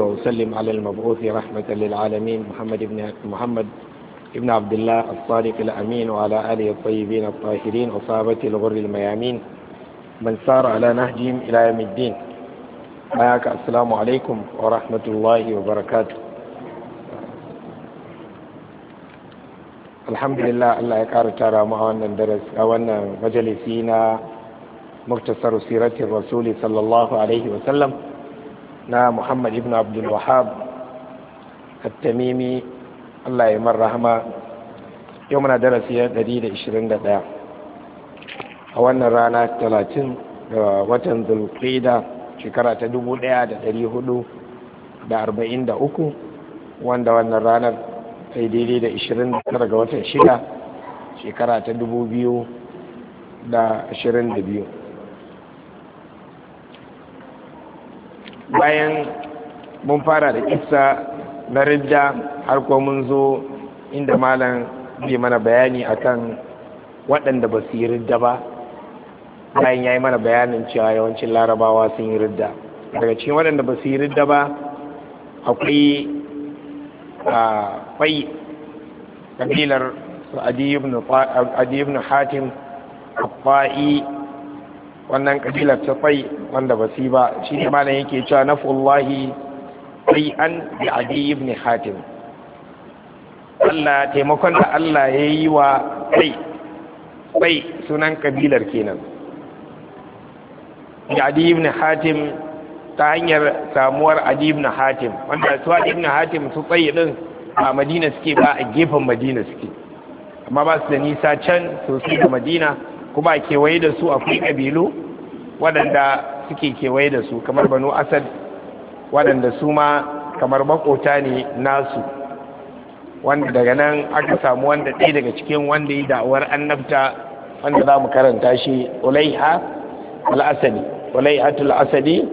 وصلي وسلم على المبعوث رحمة للعالمين محمد بن محمد ابن عبد الله الصادق الأمين وعلى آله الطيبين الطاهرين وصحابته الغر الميامين من سار على نهجهم إلى يوم الدين معك السلام عليكم ورحمة الله وبركاته الحمد لله الله يكار ترى معنا درس ان مجلسينا مختصر سيرة الرسول صلى الله عليه وسلم na muhammad ibn abdul wahab at-tamimi Allah ya mar rahama yau muna darasi ya 121 a wannan rana 30 ga watan zulqida shekara ta 1443 wanda wannan ranar sai daidai da 29 ga watan shida shekara ta 2022 bayan mun fara da kissa na ridda har ko mun zo inda malam zai mana bayani akan waɗanda ba su yi ridda ba bayan ya yi mana bayanin cewa yawancin larabawa sun yi ridda daga cikin waɗanda ba su yi ridda ba akwai a kabilar su adi ibn hatim fa'i wannan kabilar ta fai wanda ba su ba shi ne malam yake cewa nafullahi tsai an bi adi ibn hatim Allah taimakon da Allah ya yi wa tsai sunan kabilar kenan da adi ibn hatim ta hanyar samuwar adi ibn hatim wanda su adi ibn hatim su tsaye din a madina suke ba a gefen madina suke amma ba su da nisa can sosai da madina kuma a kewaye da su akwai ƙabilu waɗanda suke kewaye da su kamar banu asad waɗanda su ma kamar makota ne nasu wanda daga nan aka samu wanda ɗaya daga cikin wanda yi da'awar annabta wanda za mu karanta shi ulaiha al'asadi ulaihatul asadi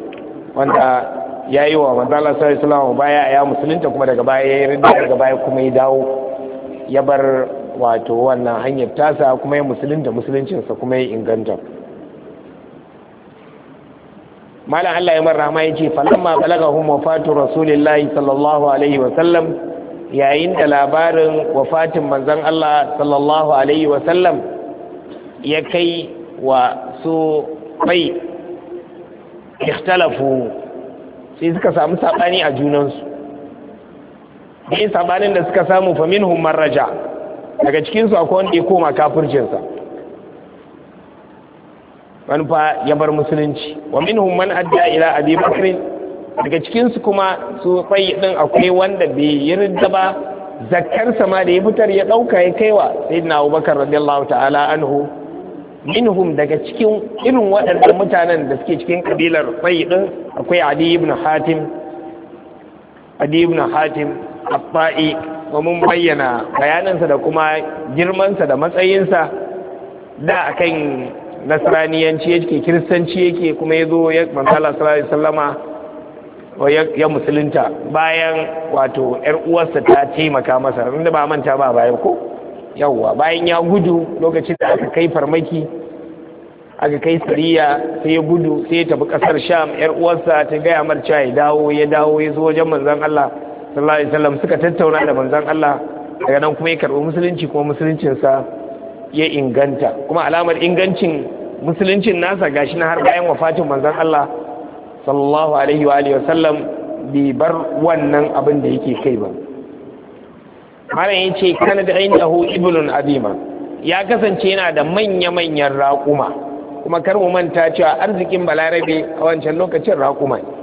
wanda ya yi wa manzala sallallahu alaihi baya ya musulunta kuma daga baya ya yi daga baya kuma ya dawo ya bar wato wannan hanyar tasa kuma ya musulun da musuluncinsa kuma ya inganta malam Allah ya marrama ya ce falamma balagahum wafatu rasulillahi sallallahu alaihi wa sallam yayin da labarin wafatin manzon Allah sallallahu alaihi wa sallam ya kai wa su bai ikhtalafu sai suka samu sabani a junansu bai sabanin da suka samu fa minhum marraja daga cikinsu akwai wanda ya koma kafircinsa Manufa ya bar musulunci wa minhum man adda ila abi bakr daga cikinsu kuma su fayi din akwai wanda bai yarda ba Zakkar ma da ya fitar ya dauka ya kaiwa sayyidina abubakar radiyallahu ta'ala anhu minhum daga cikin irin waɗannan mutanen da suke cikin kabilar fayi din akwai ali ibn hatim ali ibn hatim abba'i wa mun bayyana bayanansa da kuma girmansa da matsayinsa da akan nasraniyanci yake kiristanci yake kuma ya zo ya manzala sallallahu sallama ya musulunta bayan wato yar uwarsa ta taimaka masa inda ba manta ba bayan ko yawwa bayan ya gudu lokacin da aka kai farmaki aka kai siriya sai ya gudu sai ya tafi kasar sham yar uwarsa ta gaya mar cewa ya dawo ya dawo ya zo wajen manzon Allah sallallahu alaihi wasallam suka tattauna da manzon Allah daga nan kuma ya karɓi musulunci kuma musuluncinsa ya inganta kuma alamar ingancin musuluncin nasa gashi na har bayan wafatin manzon Allah sallallahu alaihi wa alihi wasallam bai bar wannan abin da yake kai ba malam ya kana da ainihu iblun azima ya kasance yana da manya-manyan raƙuma kuma kar mu manta cewa arzikin balarabe a wancan lokacin raƙuma ne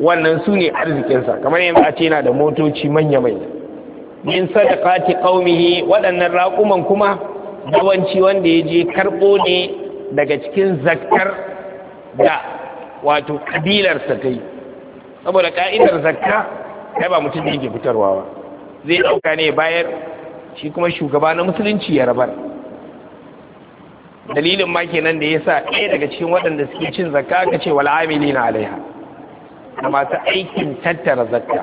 wannan su ne arzikinsa kamar yadda a ce yana da motoci manya-manya min sadaqati qaumihi waɗannan raƙuman kuma yawanci wanda ya je karɓo ne daga cikin zakkar da wato kabilarsa ta yi saboda ƙa'idar zakka kai ba mutum yake fitarwa ba zai ɗauka ne bayar shi kuma shugaba na musulunci ya rabar dalilin ma kenan da ya sa ɗaya daga cikin waɗanda suke cin zakka ka ce wal na alaiha da masu aikin tattara zakka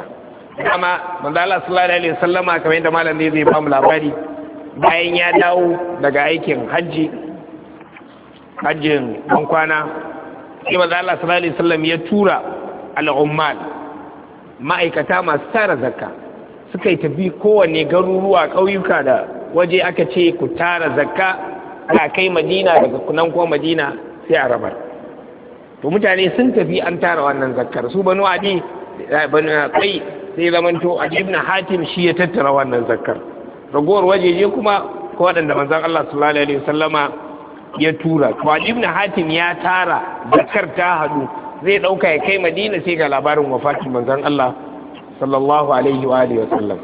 dama manzo Allah sallallahu alaihi wasallama kamar yadda malam ne zai ba mu labari bayan ya dawo daga aikin hajji hajjin ɗan kwana sai manzo Allah sallallahu alaihi wasallam ya tura al ma'aikata masu tara zakka suka yi tafi kowanne garuruwa ƙauyuka da waje aka ce ku tara zakka ana kai madina daga kunan kuma madina sai a rabar to mutane sun tafi an tara wannan zakkar su banu adi eh, banu kai sai zamanto adi ibn hatim shi ya tattara wannan zakkar ragowar wajeje kuma ko waɗanda manzon Allah sallallahu alaihi wasallama ya tura to adi ibn hatim ya tara zakkar ta hadu zai dauka ya kai madina sai ga labarin wafatin manzon Allah sallallahu alaihi wa alihi wasallam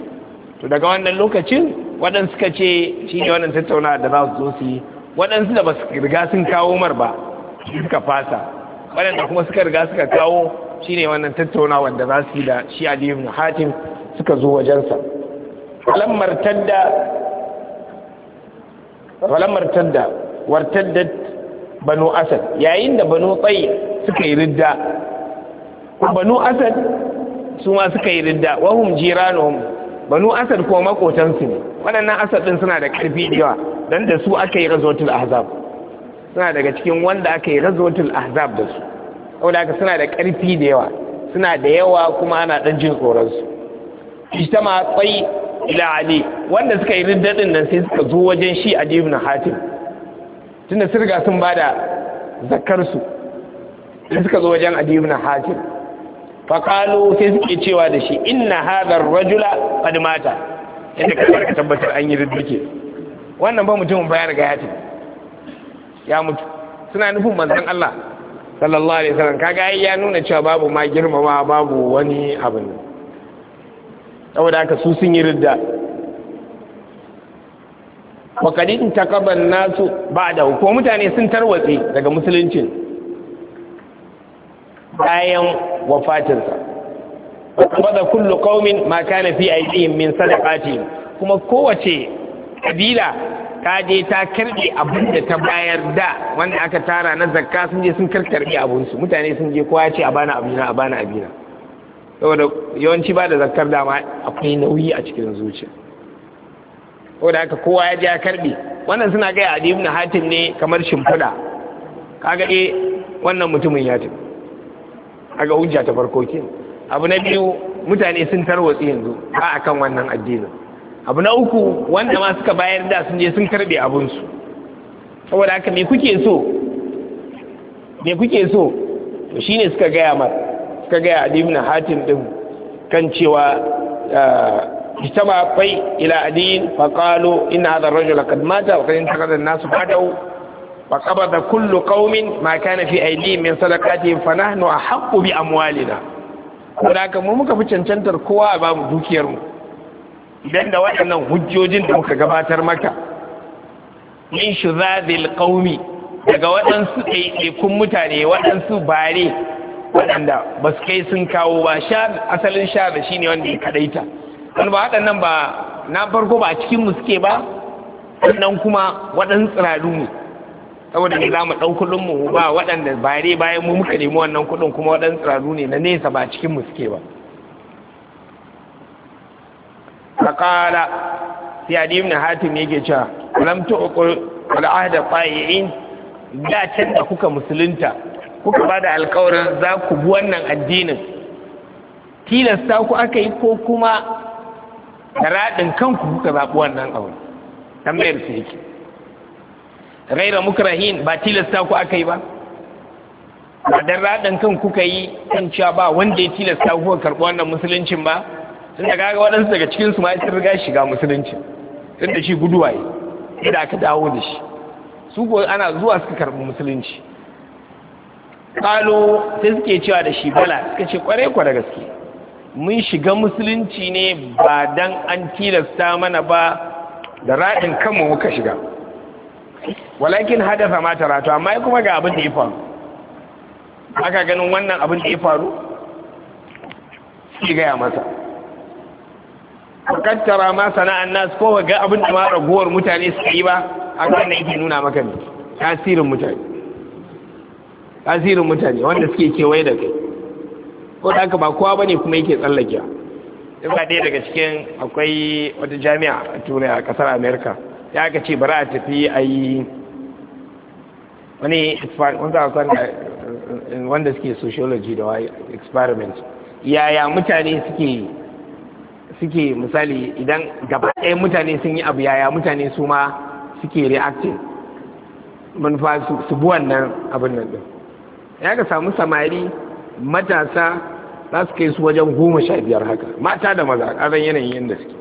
to daga wannan lokacin wadanda suka ce shi ne wannan tattaunawa da za su zo su yi waɗansu da ba su riga sun kawo mar ba suka fasa waɗanda kuma suka riga suka kawo shine wannan tattaunawar wanda za su yi da shi a ibn hatim suka zo wajensa falamar tadda falamar tadda wartaddat banu asad yayin da banu tsayi suka yi ridda banu asad su ma suka yi ridda wahum jiranuhum banu asad kuma makotansu ne waɗannan asad ɗin suna da ƙarfi yawa don da su aka yi razotul ahzab suna daga cikin wanda aka yi razotul ahzab da su saboda haka suna da ƙarfi da yawa suna da yawa kuma ana ɗan jin tsoron su ma tsai ila ali wanda suka yi riddadin nan sai suka zo wajen shi a ibn hatim tunda sun riga sun bada zakar su sai suka zo wajen a ibn hatim fa qalu sai suke cewa da shi inna hadha rajula qad mata inda ka tabbatar an yi riddike wannan ba mutumin bayar ga yatin ya mutu suna nufin manzon Allah sallallahu alaihi wasallam kaga ai ya nuna cewa babu ma girmama babu wani abu ne saboda haka su sun yi ridda wa kadin takaban nasu ba'da ko mutane sun tarwatse daga musuluncin bayan wafatinsa wadda kullu qaumin ma kana fi aidihim min sadaqati kuma kowace kabila ta je ta karɓe abin da ta bayar da wanda aka tara na zakka sun je sun abun su mutane sun je kowa ce a bana abina a bana abina saboda yawanci ba da zakkar dama akwai nauyi a cikin zuciya saboda haka kowa ya je ya karɓe wannan suna gaya a ibn hatim ne kamar shimfiɗa kaga eh wannan mutumin ya tafi kaga hujja ta farko kenan abu na biyu mutane sun tarwatsi yanzu ba akan wannan addinin abu na uku wanda ma suka bayar da sun je sun karbe su saboda haka me kuke so me kuke so shi ne suka gaya mar suka gaya adibin hatin din kan cewa ah, jitamafai ila adin faƙalo ina haɗa rajo la kadmata a ƙarin takardar nasu fadau ba ƙaba da kullu ƙaumin ma kana fi aidi min sadakati fanahnu a haƙƙo bi amwalina ko mu muka fi cancantar kowa a bamu mu. Idan da waɗannan hujjojin da muka gabatar maka min shuzadil qaumi daga waɗansu ɗaiɗaikun mutane waɗansu bare waɗanda ba su kai sun kawo ba asalin sha da shi ne wanda ya kaɗaita wani ba waɗannan ba na farko ba a cikin mu suke ba sannan kuma waɗansu tsirarru ne saboda ne za mu ɗau kuɗin mu ba waɗanda bare bayan mu muka nemi wannan kuɗin kuma waɗansu tsirarru ne na nesa ba cikin mu suke ba faƙala sai adi ibn hatim yake cewa lam uku wal ahda qai'in da can da kuka musulunta kuka bada alƙawarin za ku bi wannan addinin tilasta ku aka yi ko kuma raɗin kanku kuka zaɓi wannan aure tambayar su yake raira mukrahin ba tilasta ku aka yi ba ba dan raɗin kan kuka yi kan cewa ba wanda ya tilasta ku karɓi wannan musuluncin ba tunda kaga waɗansu daga cikinsu su ma sun riga shiga musulunci tunda shi guduwa yi aka dawo da shi su ko ana zuwa suka karɓi musulunci kalo sai suke cewa da shi bala suka ce kwarai da gaske mun shiga musulunci ne ba dan an tilasta mana ba da raɗin kanmu muka shiga walakin hadasa ma ratu amma ya kuma ga abin da ya faru aka ganin wannan abin da ya faru shi gaya masa fakattara ma sana'an nasu ko ga abin da ma ragowar mutane suka yi ba haka wannan yake nuna maka ne tasirin mutane tasirin mutane wanda suke kewaye da kai ko da ka ba kowa bane kuma yake tsallake ba ɗaya daga cikin akwai wata jami'a a turai a ƙasar amerika ya aka ce bari a tafi a yi wani wanda suke sociology da waye experiment yaya mutane suke suke misali idan gaba ɗaya mutane sun yi abu yaya mutane su ma suke reacting manufa su bi wannan abin nan ɗin ya ga samu samari matasa za su kai su wajen goma sha biyar haka mata da maza a ƙaran yanayin yadda suke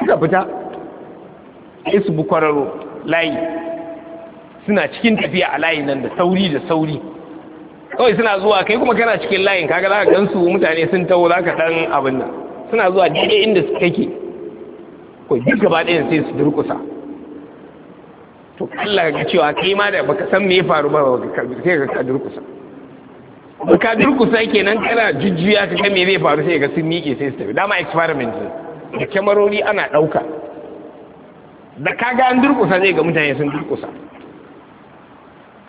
suka fita yi su bi kwararo layi suna cikin tafiya a layi nan da sauri da sauri kawai suna zuwa kai kuma kana cikin layin kaga za ka gansu mutane sun taho za ka ɗan abin nan suna zuwa daidai inda su kake ko duk gaba ɗaya sai su durkusa to Allah ga cewa kai ma da baka san me ya faru ba sai ka durkusa ba ka durkusa kenan kana jujjuya ka ga me zai faru sai ka sun miƙe sai su tafi dama experiment ne da kyamarori ana ɗauka da ka ga an durkusa zai ga mutane sun durkusa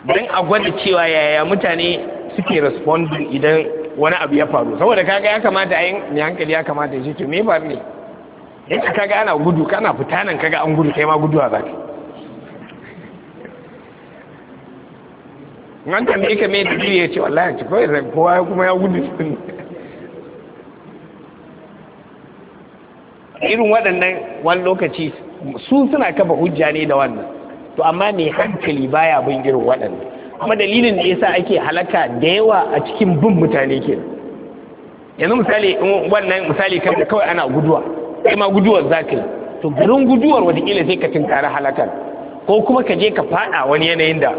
don a gwada cewa yaya mutane suke responding idan wani abu ya faru saboda kaga ya kamata ayin mai hankali ya kamata shi to me ba ne yadda kaga ana gudu kana fita nan kaga an gudu kai ma gudu za zaki an tambaye ka mai dalili ya ce wallahi ci kawai zan kowa kuma ya gudu sun irin waɗannan wani lokaci su suna kafa hujja ne da wannan to amma mai hankali baya bin irin waɗannan kuma dalilin da yasa ake halaka da yawa a cikin bin mutane ke yanzu misali wannan misali kan kawai ana guduwa kai ma guduwar yi. to garin guduwar wataƙila sai ka tinkara halakar ko kuma ka je ka faɗa wani yanayin da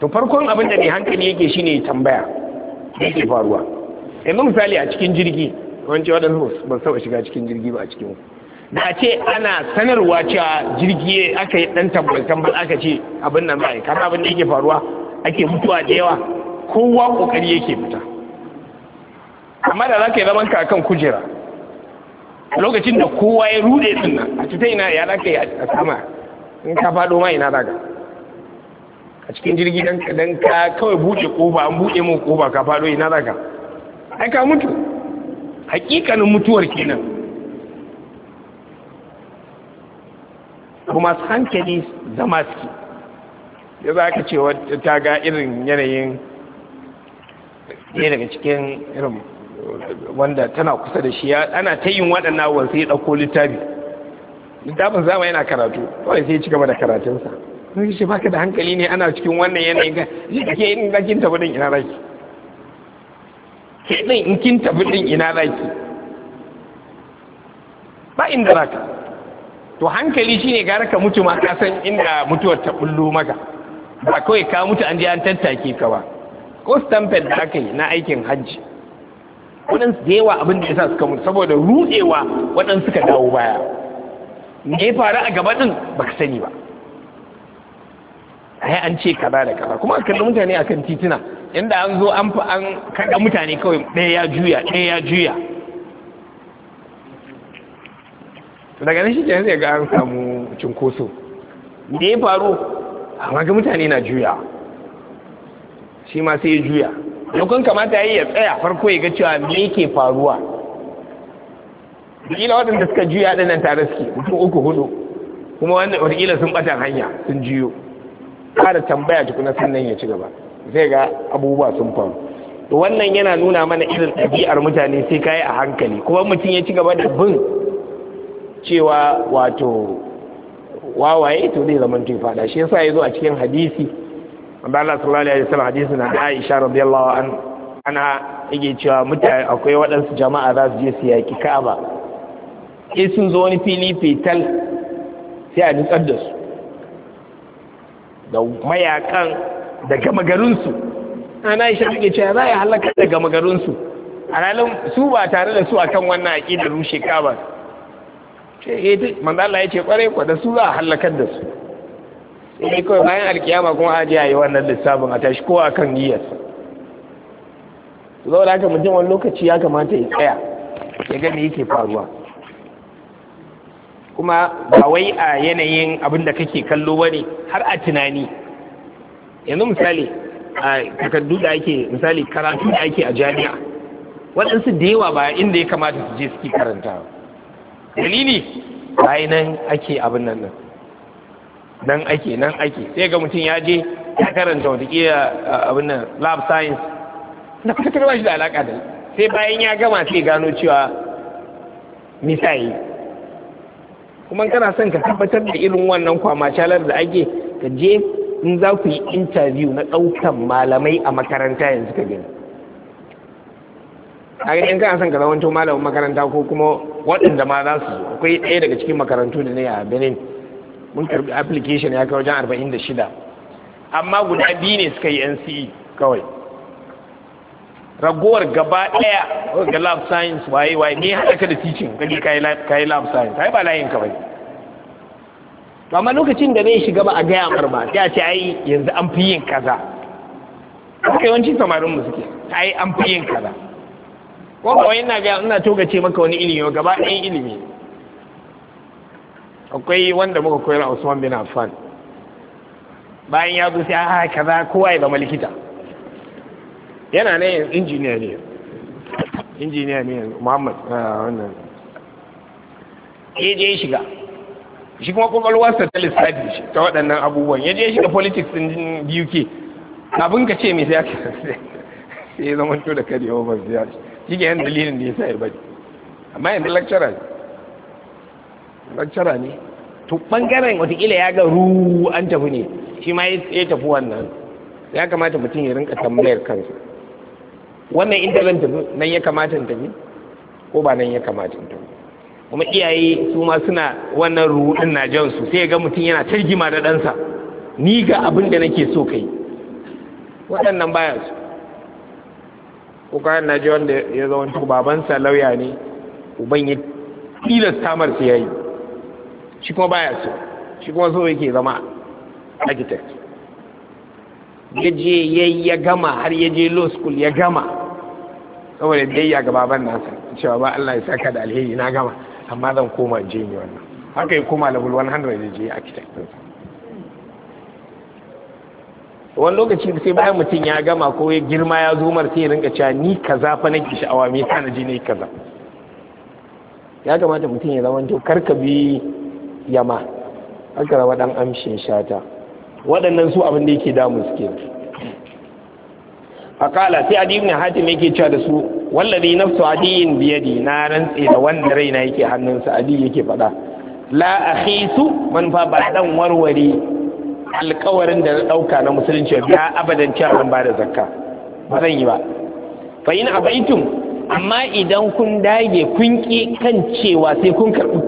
to farkon abin da mai hankali yake shine tambaya yake faruwa yanzu misali a cikin jirgi wancan waɗansu ba su shiga cikin jirgi ba a cikin da ce ana sanarwa cewa jirgi aka yi dan tambal tambal aka ce abin nan bai kana abin da yake faruwa ake mutuwa da yawa kowa kokari yake fita amma da zaka yi zaman ka kan kujera lokacin da kowa ya rude din nan a cikin ina ya zaka yi a sama in ka fado ma ina zaka a cikin jirgi dan ka kawai buɗe kofa an buɗe mu kofa ka fado ina zaka ai ka mutu hakikanin mutuwar kenan kuma hankali zama suke ya za ka wata ta ga irin yanayin ɗaya daga cikin irin wanda tana kusa da shi ya ana ta yin waɗannan wa sai ɗauko littafi littafin zama yana karatu kawai sai ci gaba da karatunsa sun shi baka da hankali ne ana cikin wannan yanayin ga shi kake yin gakin tabbatin ina raki ke ɗin in kin tabbatin ina raki ba inda raka to hankali shine gara ka mutu ma ka san inda mutuwar ta bullo maka ba kawai ka mutu an je an tattake ka ba ko stampede da aka yi na aikin hajji waɗansu da yawa abin da ya sa suka mutu saboda rudewa waɗansu suka dawo baya me ya faru a gaba ɗin ba sani ba ai an ce kaza da kaza kuma kalli mutane akan titina inda an zo an an kaɗa mutane kawai ɗaya ya juya ɗaya ya juya daga nan ke zai ga an samu cinkoso da ya faru amma ga mutane na juya shi ma sai ya juya yankun kamata ya yi ya tsaya farko ya ga cewa me yake faruwa wadanda waɗanda suka juya ɗinnan tare suke mutum uku hudu kuma wadanda sun ɓatan hanya sun juyo ƙara tambaya tukuna sannan ya ci gaba zai ga abubuwa sun faru wannan yana nuna mana irin ɗabi'ar mutane sai ka yi a hankali kuma mutum ya ci gaba da bin cewa wato wawaye to ne zaman tun fada shi yasa ya zo a cikin hadisi wanda Allah sallallahu alaihi wasallam hadisi na Aisha radiyallahu anha ana yake cewa mutane akwai waɗansu jama'a za su je su yaki Ka'aba in sun zo wani fili fetal sai a nutsar da su da mayakan da gama su ana Aisha take cewa za a halaka da gama su a su ba tare da su akan wannan aqidar rushe Ka'aba ce he eh, duk manzo Allah ya ce kware ko da su za a halakar da su sai kawai bayan alkiyama kuma aje a yi wannan lissafin a tashi ko akan niyyar zo da haka mutum wani lokaci ya kamata ya tsaya ya ga me yake faruwa kuma ba wai a yanayin abin da kake kallo bane har a tunani yanzu misali a takardu da ake misali karatu da ake a jami'a waɗansu da yawa ba inda ya kamata su je suke karantawa dalili bayan nan ake abin nan nan nan ake nan ake sai ga mutum ya je ya karanta wata abin nan lab science na kusa ba shi da alaka da sai bayan ya gama sai gano cewa misali kuma kana son ka tabbatar da irin wannan kwama kwamacalar da ake ka je in za ku yi interview na ɗaukan malamai a makaranta yanzu ka gani a in kana son ka zamanto malamin makaranta ko kuma waɗanda ma za su akwai ɗaya daga cikin makarantu da ne a benin mun karbi application ya kai wajen arba'in da shida amma guda biyu ne suka yi nce kawai ragowar gaba ɗaya ga lab science waye waye ne haɗa ka da teaching kaji ka yi lab science yi ba layin kawai to amma lokacin da zai shiga ba a gaya mar ba ta a ce ai yanzu an fi yin kaza haka yawancin samarin mu suke yi an fi yin kaza ko ba ina ga ina togace maka wani ilimi gaba ɗayan ilimi akwai wanda muka koyar a Usman bin Affan bayan ya zo sai a ah, kaza kowa ya zama likita yana ne injiniya ne injiniya ne Muhammad ah, wannan ya je shiga shi kuma kwakwalwarsa ta lissafi shi ta waɗannan abubuwan ya je shiga politics din UK kafin ka ce mai sai ya zama to da kare ba ziyarci shi ke yan dalilin da ya sa ya bari amma yanzu lakcara ne lakcara ne to ɓangaren watakila ya ga ru an tafi ne shi ma ya tafi wannan ya kamata mutum ya rinka tambayar kansa wannan intanet tafi nan ya kamata in tafi ko ba nan ya kamata in tafi kuma iyaye su ma suna wannan din na jan su sai ga mutum yana targima da ɗansa ni ga abin da nake so kai waɗannan baya su ko kayan na je wanda ya zama babansa lauya ne uban ya tilas tamar su yayi shi kuma baya so shi kuma so yake zama architect ya je ya gama har ya je law school ya gama saboda ya ga baban nasa cewa ba Allah ya saka da alheri na gama amma zan koma je wannan haka ya koma level 100 ya je architect wani lokaci sai bayan mutum ya gama ko ya girma ya zo mar sai ya rinka cewa ni kaza fa nake sha'awa me yasa na ne kaza ya kamata mutum ya zama to karka bi yama aka rawa dan amshin shata waɗannan su abin da yake damu suke akala sai adi ibn hatim yake cewa da su wallazi nafsu adiyin biyadi na rantse da wanda raina yake hannunsa adi yake faɗa la manufa man fa ba dan warware alkawarin da na ɗauka na musulunci ya abadan cewa an ba zakka ba zan yi ba fa in abaitum amma idan kun dage kun ki kan cewa sai kun karɓi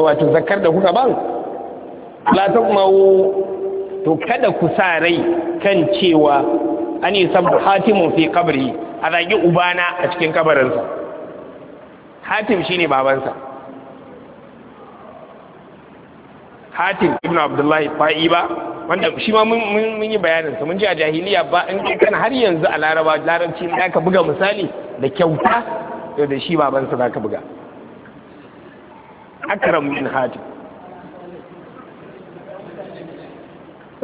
wato zakkar da kuka ban la kuma to kada ku sa rai kan cewa an yi sabu hatimun fi kabri a zagi ubana a cikin kabarinsa hatim shine babansa hatim ibn abdullahi fa'i ba wanda shi ma mun yi bayanin sa mun ji a jahiliya ba in kan har yanzu a laraba larabci da aka buga misali da kyauta da shi baban sa zaka buga akram min hatim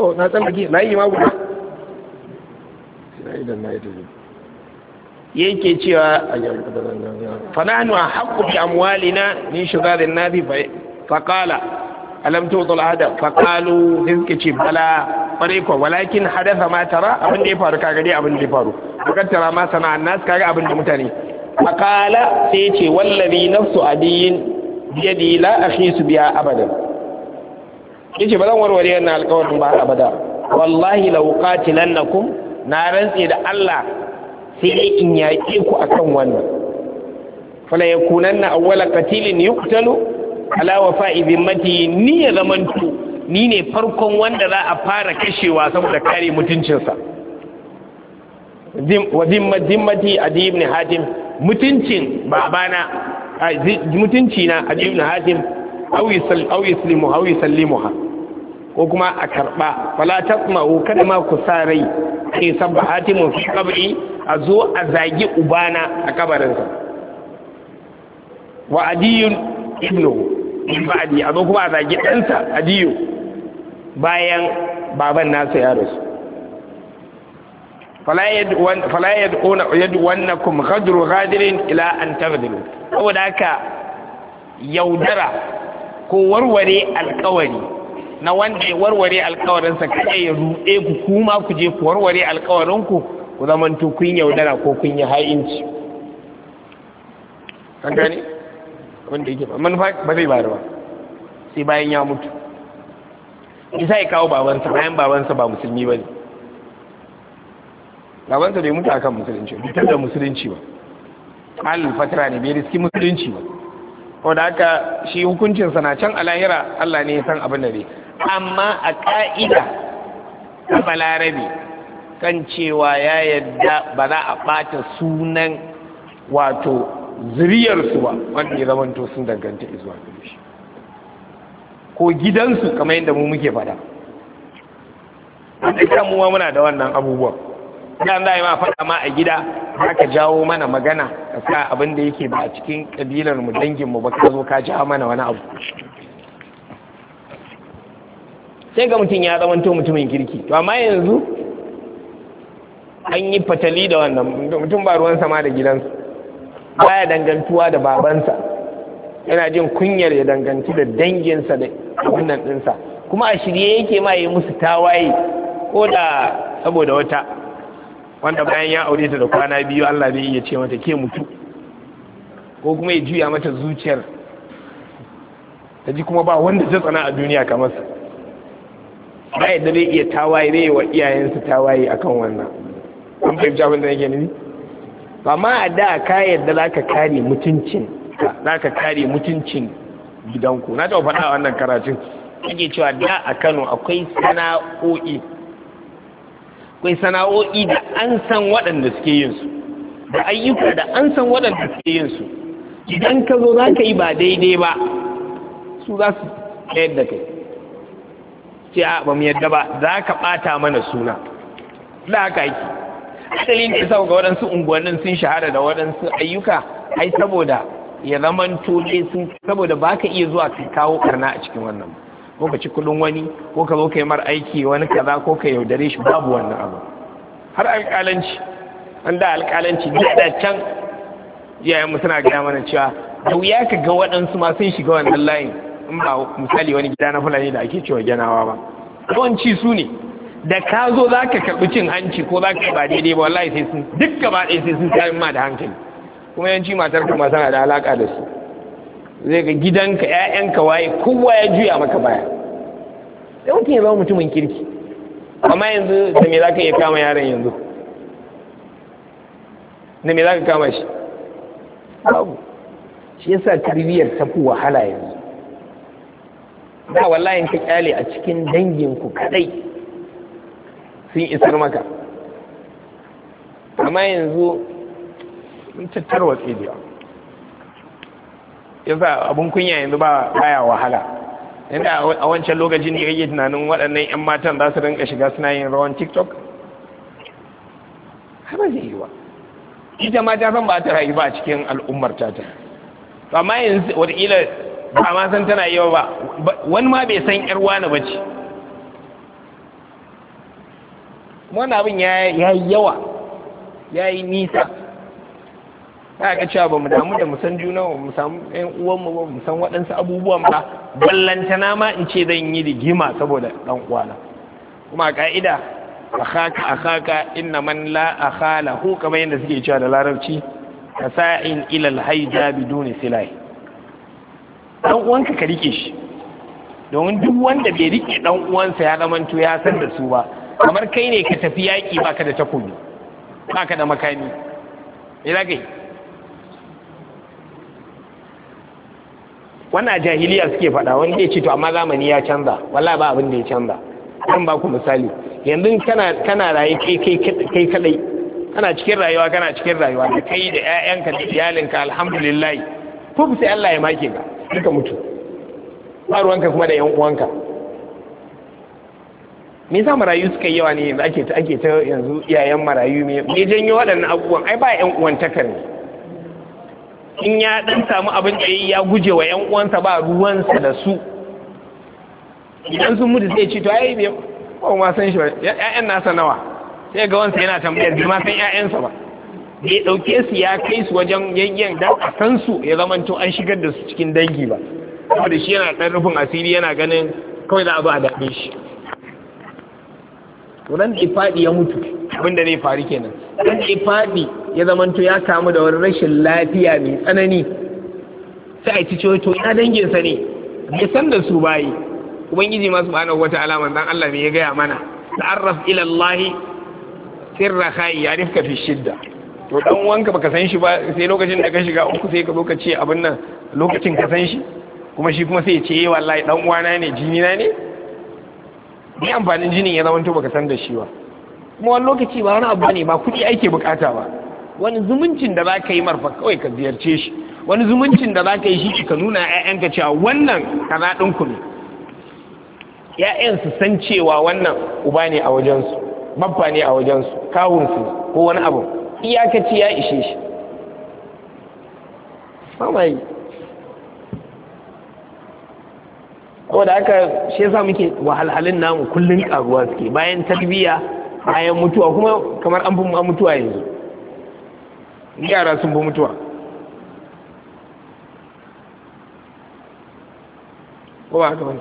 oh na tsallake na yi ma guda idan na yi tafi yake cewa fa nahnu ahqqu bi amwalina min shugarin nabi fa qala alam tutul ahada fa qalu sai ce bala bare ko walakin hadatha ma tara abin da ya faru kaga dai abin da ya faru dukan tara ma sana'an nas kaga abin da mutane faqala sai ce wallazi nafsu adiyin biyadi la akhisu biya abadan yace ba zan warware wannan alƙawarin ba abada wallahi law qatilannakum na rantse da Allah sai in yaƙe ku akan wannan fala yakunanna awwala qatilin yuqtalu ala wafa'i mati ni ya zamanto ni ne farkon wanda za a fara kashewa saboda kare mutuncinsa wa a adi ibn hatim mutuncin babana mutunci na adi ibn hatim aw yuslimu aw yusallimuha ko kuma a karba fala tasma'u kada ma ku sa rai sai sabba hatimun fi qabri a zo a zagi ubana a kabarinsa wa adiyun ibnuhu min ba'di a zo kuma a zagi ɗansa a adiyo bayan baban nasa ya rasu fala wannan kuma ghadru ghadirin ila an taghdiru saboda haka yaudara ko warware alkawari na wanda ya warware alkawarinsa kada ya ruɗe ku kuma ku je ku warware alkawarinku ku zamanto kun yaudara ko kun yi ha'inci an gane wanda yake ba manufa ba zai bayar ba sai bayan ya mutu isa ya kawo babansa bayan babansa ba musulmi ba ne babansa bai mutu a kan musulunci ba da musulunci ba alul fatara ne bai riski musulunci ba wanda haka shi hukuncinsa na can a lahira Allah ne ya san abin da zai amma a ka'ida ta balarabe kan cewa ya yadda ba za a ɓata sunan wato zuriyarsu ba wanda ya zamanto sun danganta izuwa gare shi ko gidansu kamar yadda mu muke fada a kan muwa muna da wannan abubuwan idan za a yi ma fada ma a gida za ka jawo mana magana ka sa abin da yake ba a cikin kabilar mu dangin mu ba ka zo ka jawo mana wani abu sai ga mutum ya to mutumin kirki to amma yanzu an yi fatali da wannan mutum ba ruwan sama da gidansu baya dangantuwa da babansa yana jin kunyar ya danganci da danginsa da wannan ɗinsa kuma a shirye yake ma yi musu tawaye ko da saboda wata wanda bayan ya aure ta da kwana biyu Allah zai iya ce mata ke mutu ko kuma ya juya mata zuciyar ta ji kuma ba wanda ta tsana a duniya kamar sa ba yadda zai iya tawaye zai wa iyayensa tawaye akan wannan an fahimci abin da yake nufi ma a da ka yadda za ka kare mutuncin za ka kare mutuncin gidanku na taɓa faɗa wannan karatun ake cewa da a kano akwai sana'o'i akwai sana'o'i da an san waɗanda suke yin su da ayyuka da an san waɗanda suke yin su idan ka zo za ka yi ba daidai ba su za su tsayar da kai ce a ba mu yadda ba za ka ɓata mana suna da haka yake asalin da yasa ga waɗansu unguwannin sun shahara da waɗansu ayyuka ai saboda ya zaman tole sun saboda baka iya zuwa ka kawo karna a cikin wannan ko ka ci kudin wani ko ka zo ka yi mar aiki wani kaza ko ka yaudare shi babu wannan abu har alƙalanci an da alƙalanci da can iyayen mu suna gaya mana cewa da wuya ka ga waɗansu ma sun shiga wannan layin in ba misali wani gida na fulani da ake cewa ganawa ba yawanci su ne da ka zo za ka karɓi cin hanci ko za ka ba daidai ba wallahi sai sun duk gaba ɗaya sai sun tayin ma da hankali kuma yanci matar ka ma sana da alaƙa da su zai ga gidanka ƴaƴanka waye kowa ya juya maka baya sai mutum ya zama mutumin kirki amma yanzu da me za ka iya kama yaron yanzu da me za ka kama shi babu shi yasa tarbiyyar ta fi wahala yanzu ba wallahi ka kyale a cikin danginku kadai sun isar maka amma yanzu mun watsi tsidiya yasa abun kunya yanzu ba baya wahala yanda a wancan lokacin da kake tunanin waɗannan 'yan matan za su rinka shiga suna yin rawan tiktok ba zai yi ba ita ma ta san ba ta rayu ba a cikin al'ummar ta ta amma yanzu wataƙila ba ma san tana yawa ba wani ma bai san 'yar wani ba ce wani abin ya yi yawa ya yi nisa ta ga cewa ba mu damu da mu san juna mu samu yan uwanmu ba mu san waɗansu abubuwan ba na ma in ce zan yi rigima saboda ɗan uwana kuma ka'ida a haka inna man la ko kamar yadda suke cewa da larabci ilal ilal alhaija biduni silai Ɗan uwanka ka rike shi domin duk wanda bai rike ɗan uwansa ya zamanto ya san da su ba kamar kai ne ka tafi yaƙi baka da takobi baka da makami me za wannan jahiliya suke faɗa wani ya ce to amma zamani ya canza walla ba abin da ya canza zan ba ku misali yanzu kana raye kai kadai kana cikin rayuwa kana cikin rayuwa da kai da ƴaƴanka da iyalinka alhamdulillah ko sai Allah ya make ka duka mutu ba ruwanka kuma da ƴan uwanka me yasa marayu suka yi yawa ne yanzu ake ta ake ta yanzu iyayen marayu me me janyo waɗannan abubuwan ai ba ƴan uwan takar ne in ya dan samu abin da ya guje wa ƴan uwansa ba ruwansa da su idan sun mutu sai ce to ai bai ko ma san shi ba ƴaƴan nasa nawa sai ga wansa yana tambayar bi ma san ƴaƴansa ba bai dauke su ya kai su wajen yayyen dan a san su ya zamanto an shigar da su cikin dangi ba saboda shi yana dan rufin asiri yana ganin kawai za a zo a dade shi to nan faɗi ya mutu abinda ne faru kenan nan faɗi ya zamanto ya kamu da wani rashin lafiya mai tsanani sai a ci ciwo to ina danginsa ne bai san da su bayi ubangiji ma subhanahu wata'ala manzon Allah ne ya gaya mana ta'arraf ila Allah sirra khai yarifka fi shidda to dan wanka baka san shi ba sai lokacin da ka shiga uku sai ka zo ka ce abin nan lokacin ka san shi kuma shi kuma sai ya ce eh, wallahi dan uwana ne jini na ne Ni amfanin jinin ya zama baka san da shi ba kuma wani lokaci ba wani abu ne ba kuɗi ake bukata ba wani zumuncin da za ka yi marfa kawai ka ziyarce shi wani zumuncin da za ka yi shi ka nuna 'ya'yanka cewa wannan ka kaza ɗinku ne 'ya'yan su san cewa wannan uba ne a wajensu babba ne a wajensu kawunsu ko wani abu iyakaci ya ishe shi mamaye saboda haka shi yasa muke wahalhalin namu kullun karuwa suke bayan tarbiyya bayan mutuwa kuma kamar an fi mutuwa yanzu yara sun fi mutuwa ko ba haka wani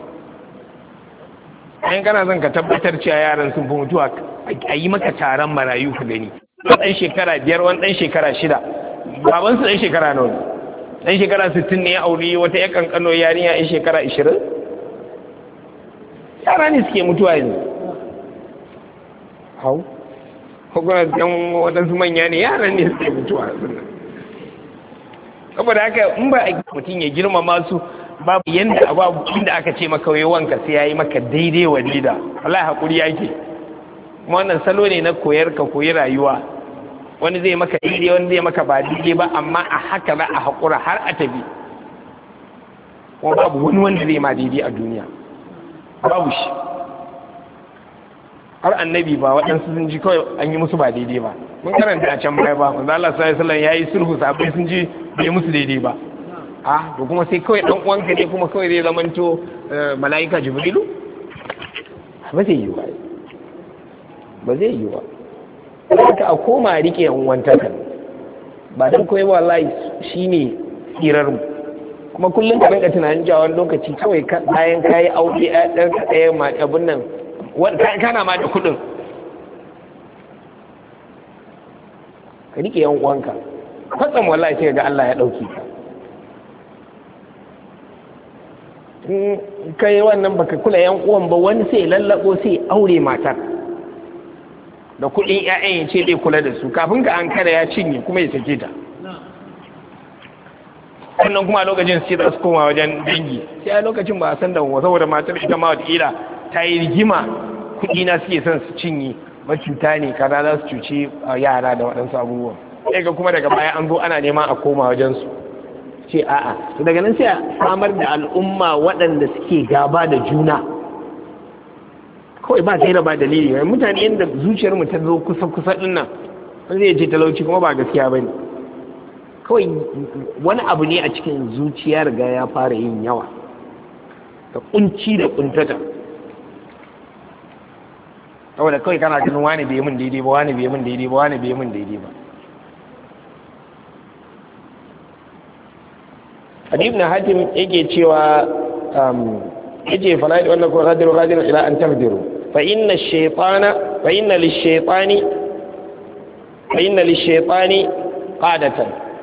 ayin kana zan ka tabbatar cewa yaran sun fi mutuwa a yi maka taron marayu ku gani wani ɗan shekara biyar wani ɗan shekara shida babansu ɗan shekara nawa ɗan shekara sittin ne ya aure wata ya kankano yarinya ɗan shekara ashirin yara ne suke mutuwa yanzu hau hukunan ɗan waɗansu manya ne yara ne suke mutuwa saboda haka in ba a mutum ya girmama su babu yanda babu inda aka ce maka wai wanka sai yayi maka daidai wa da wallahi hakuri yake kuma wannan salo ne na koyar ka koyi rayuwa wani zai maka daidai wani zai maka ba daidai ba amma a haka za a hakura har a tafi kuma babu wani wanda zai ma daidai a duniya babu shi har annabi ba waɗansu sun ji kawai an yi musu ba daidai ba mun karanta a can baya ba manzo Allah sallallahu alaihi yi sulhu sabai sun ji bai musu daidai ba a ah, to kuma sai kawai dan uwanka ne kuma kawai zai zamanto eh, mala'ika jibrilu ba zai yi ba ba zai yi ba haka a koma rike yan uwantaka ba dan kawai wallahi shine ne tsirarmu. kuma kullum ka rinka tunanin cewa lokaci kawai bayan ka yi aure a eh, ɗan ɗaya ma abin nan kana ma da kuɗin ka riƙe yan uwanka kwatsam wallahi sai ga Allah ya ɗauki ka in kai wannan baka kula yan uwan ba wani sai lallaɓo sai aure matar da kuɗin 'ya'yan ya ce zai kula da su kafin ka an kada ya cinye kuma ya sake ta sannan kuma lokacin sai za su koma wajen dangi sai a lokacin ba a san da wa saboda matar ita ma wataƙila ta yi rigima kuɗi na suke son su cinye macuta ne kaza za su cuci yara da waɗansu abubuwa sai ga kuma daga baya an zo ana nema a koma wajen su ce a'a to daga nan sai a samar da al'umma waɗanda suke gaba da juna kawai ba gaira ba dalili mutane yadda zuciyar mu ta zo kusa kusa ɗin nan zai je talauci kuma ba gaskiya bane kawai wani abu ne a cikin zuciya riga ya fara yin yawa ta kunci da kuntata saboda kawai kana ganin wani bai mun daidai ba wani bai mun daidai ba wani bai mun daidai ba hadib na hatim yake cewa um, yake fana'i wannan kuma hadiru hadiru ila an tafdiru fa'in na shaytana fa inna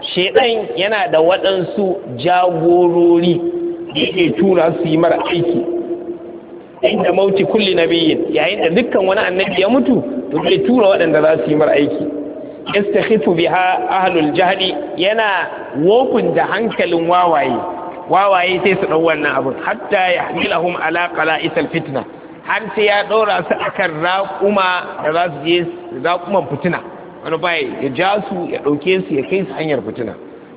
shedan yana da waɗansu jagorori da yake tura su yi mara aiki inda mauti kulli nabiyin yayin da dukkan wani annabi ya mutu to zai tura waɗanda za su yi mara aiki istakhifu biha ahlul jahli yana wokun da hankalin wawaye wawaye sai su dau wannan abu hatta yahmilahum ala qala'isal fitna har sai ya ɗora su akan raƙuma da za su je raƙuman fitina wani baya ya ja su ya ɗauke su ya kai su hanyar fitina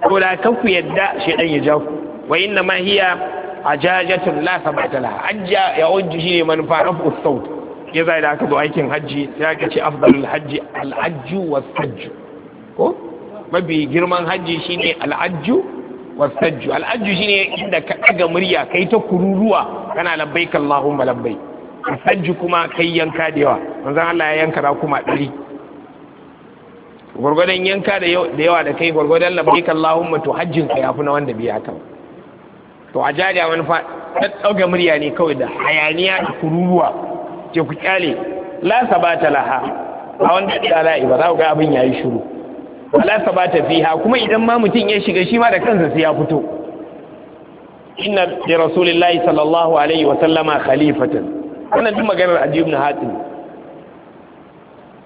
ko da kan ku yadda shaidan ya ja ku wa inna ma hiya ajajatun la sabata laha ajja ya wajji shine manufa rafu saut ya zai da aka zo aikin hajji sai aka ce afdalul hajji al'ajju was sajju ko mabi girman hajji shine al'ajju was sajju al'ajju shine inda ka daga murya kai ta kururuwa kana labbaik allahumma labbaik sajju kuma kai yanka da yawa manzon Allah ya yanka kuma ɗari gwargwadon yanka da yawa da kai gwargwadon labarika Allahumma to hajjin ka yafi na wanda biya ka to a jariya wani fa ta ɗauka murya ne kawai da hayaniya da kururuwa ce ku kyale la sabata laha a wanda da la'i ba za ku ga abin yayi shiru la sabata fiha kuma idan ma mutum ya shiga shi ma da kansa sai ya fito inna li rasulillahi sallallahu alaihi wa sallama khalifatan wannan duk maganar Adi na Hatim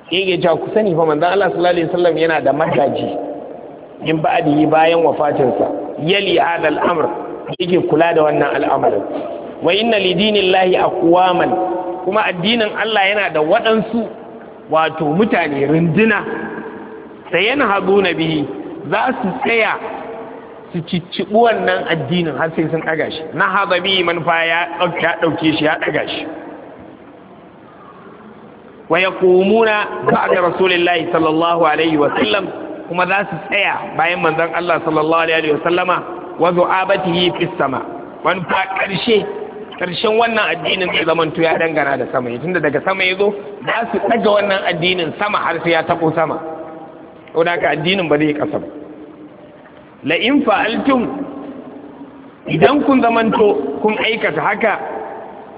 E, ja ku sani fa manzon Allah sallallahu alaihi wasallam yana da magaji in ba'di bayan wafatinsa yali hadal amr yake kula da wannan al'amarin wa inna li dinillahi aqwaman kuma addinin Allah yana da waɗansu wato mutane runduna sayan na bihi za su tsaya su cicciɓi wannan addinin har sai sun ɗaga shi na haɗa biyu manufa ya ɗauke shi ya ɗaga shi wa yaqumuna ba'da rasulillahi sallallahu alaihi wa sallam kuma za su tsaya bayan manzon Allah sallallahu alaihi wa sallama wa du'abatihi fis sama wani fa karshe karshen wannan addinin zai zaman ya dangana da sama tunda daga sama ya zo za su daga wannan addinin sama har sai ya tako sama ko da ka addinin ba zai kasa ba la in fa'altum idan kun zamanto kun aikata haka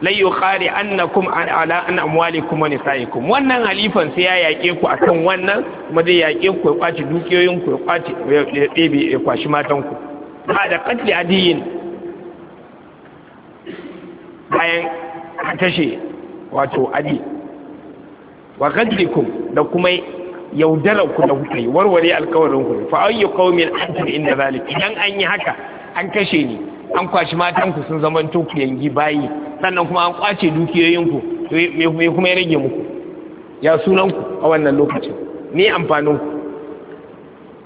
na yukhari an ala an amwalikum wa nisaikum wannan halifan sai ya yaƙe ku akan wannan kuma zai yaƙe ku ya kwaci dukiyoyin ku ya kwaci ya ɗebe ya kwashi matan ku ba da qatli adiyin bayan a tashe wato adi wa qatlikum da kuma yaudarar ku da hukai yi warware alkawarin ku fa ayyu qaumin antum inda zalik idan an yi haka an kashe ni an kwashi matan ku sun zama to ku yangi bayi sannan kuma an kwace dukiyoyinku me kuma ya rage muku ya sunanku a wannan lokacin ni amfaninku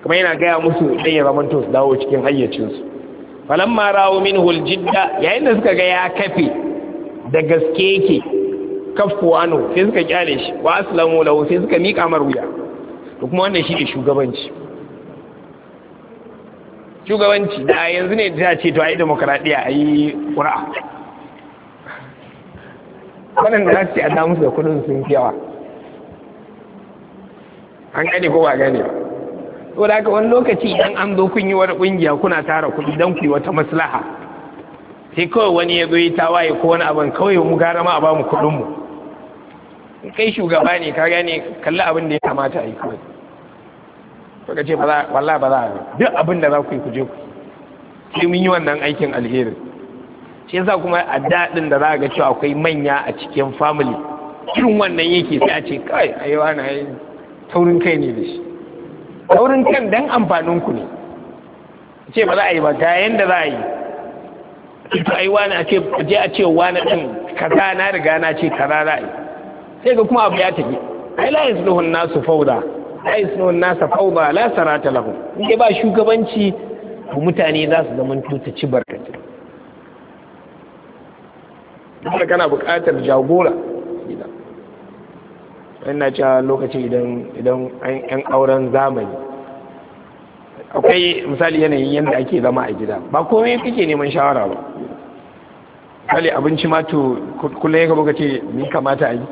kuma yana gaya musu ɗan ya su dawo cikin hayyacinsu ma rawo min huljidda yayin da suka ga ya kafe da gaske yake kafko ano sai suka kyale shi wa asalamu lahu sai suka miƙa mar wuya to kuma wannan shi ne shugabanci shugabanci da yanzu ne ta ce to ayi a yi ƙura'a waɗanda za su ce a damu da kudin sun fi yawa an gane ko ba gane to da wani lokaci idan an zo kun yi wani ƙungiya kuna tara kuɗi don ku yi wata maslaha sai kawai wani ya zo yi waye ko wani abin kawai mu gara ma a ba mu kuɗin mu kai shugaba ne ka gane kalli abin da ya kamata a yi kawai to ka ce wallahi ba za a duk abin da za ku yi ku je ku sai mun yi wannan aikin alherin shi yasa kuma a daɗin da za ga cewa akwai manya a cikin family irin wannan yake sai a ce kai aiwa na yi taurin kai ne da shi taurin kan dan amfanin ku ne ce ba za a yi ba ta yanda za a yi to ai wani a ce je a ce wani din kaza na riga na ce kaza za a yi sai ga kuma abu ya tafi ai la yasluhu nasu fawda la yasluhu nasu fawda la sarata lahu in ba shugabanci mutane za su zama tuta ci barkatu dole kana buƙatar jagora gida ina cewa lokaci idan idan an auren zamani akwai misali yanayin yadda ake zama a gida ba komai kake neman shawara ba misali abinci ma to kullum ya kabo ce ni kamata a yi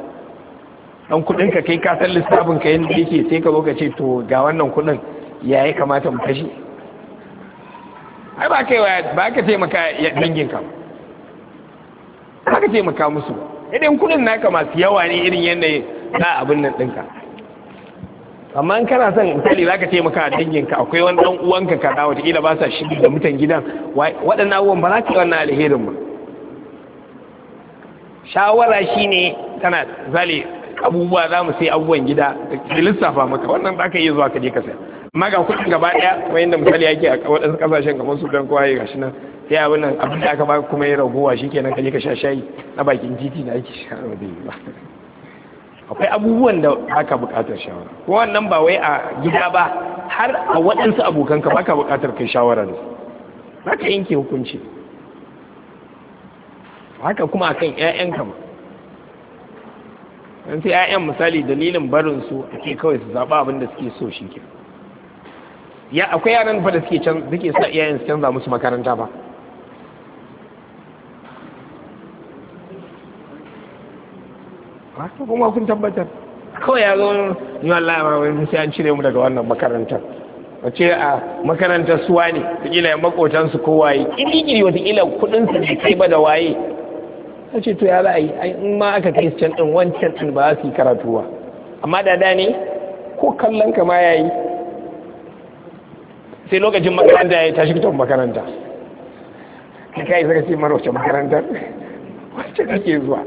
dan kudin ka kai ka san lissafin ka yadda yake sai ka kace ce to ga wannan kudin ya ya kamata mu kashe ai ba kai ba ka taimaka dangin ka ba ba ka taimaka musu idan kudin naka masu yawa ne irin yanayi na abin nan ɗinka amma in kana son misali za ka taimaka a ka akwai wani ɗan uwanka kaza wataƙila ba sa shiri da mutan gidan waɗannan abubuwan ba za ka yi wannan alherin ba shawara shine tana zale abubuwa za mu sai abubuwan gida da lissafa maka wannan za ka iya zuwa ka je ka saya amma ga kuɗin gaba ɗaya wayan da misali yake a waɗansu ƙasashen kamar su dan kwaye gashi nan sai abin wannan abin da aka baka kuma ya ragowa shikenan kaje ka sha shayi na bakin titi da ake sha ba zai ba akwai abubuwan da aka buƙatar shawara ko wannan ba wai a gida ba har a waɗansu abokanka baka buƙatar kai shawara za ka yanke hukunci haka kuma akan ƴaƴanka ba dan sai ƴaƴan misali dalilin barin su ake kawai su zaɓa abin da suke so shi kenan ya akwai yaran fa da suke can suke sa iyayen su canza musu makaranta ba to kuma kun tabbatar kawai ya zo ni Allah ya mai sai an cire mu daga wannan makarantar wace a makarantar suwa ne kila makotan su ko waye kiri wata kila kudin su ne kai ba da waye ce to ya za a yi in ma aka kai can din wancan din ba za su yi karatu amma da da ne ko kallon kama ma yi. sai lokacin makaranta ya tashi fitan makaranta ka kai zaka ce mara wacce makaranta wacce kake zuwa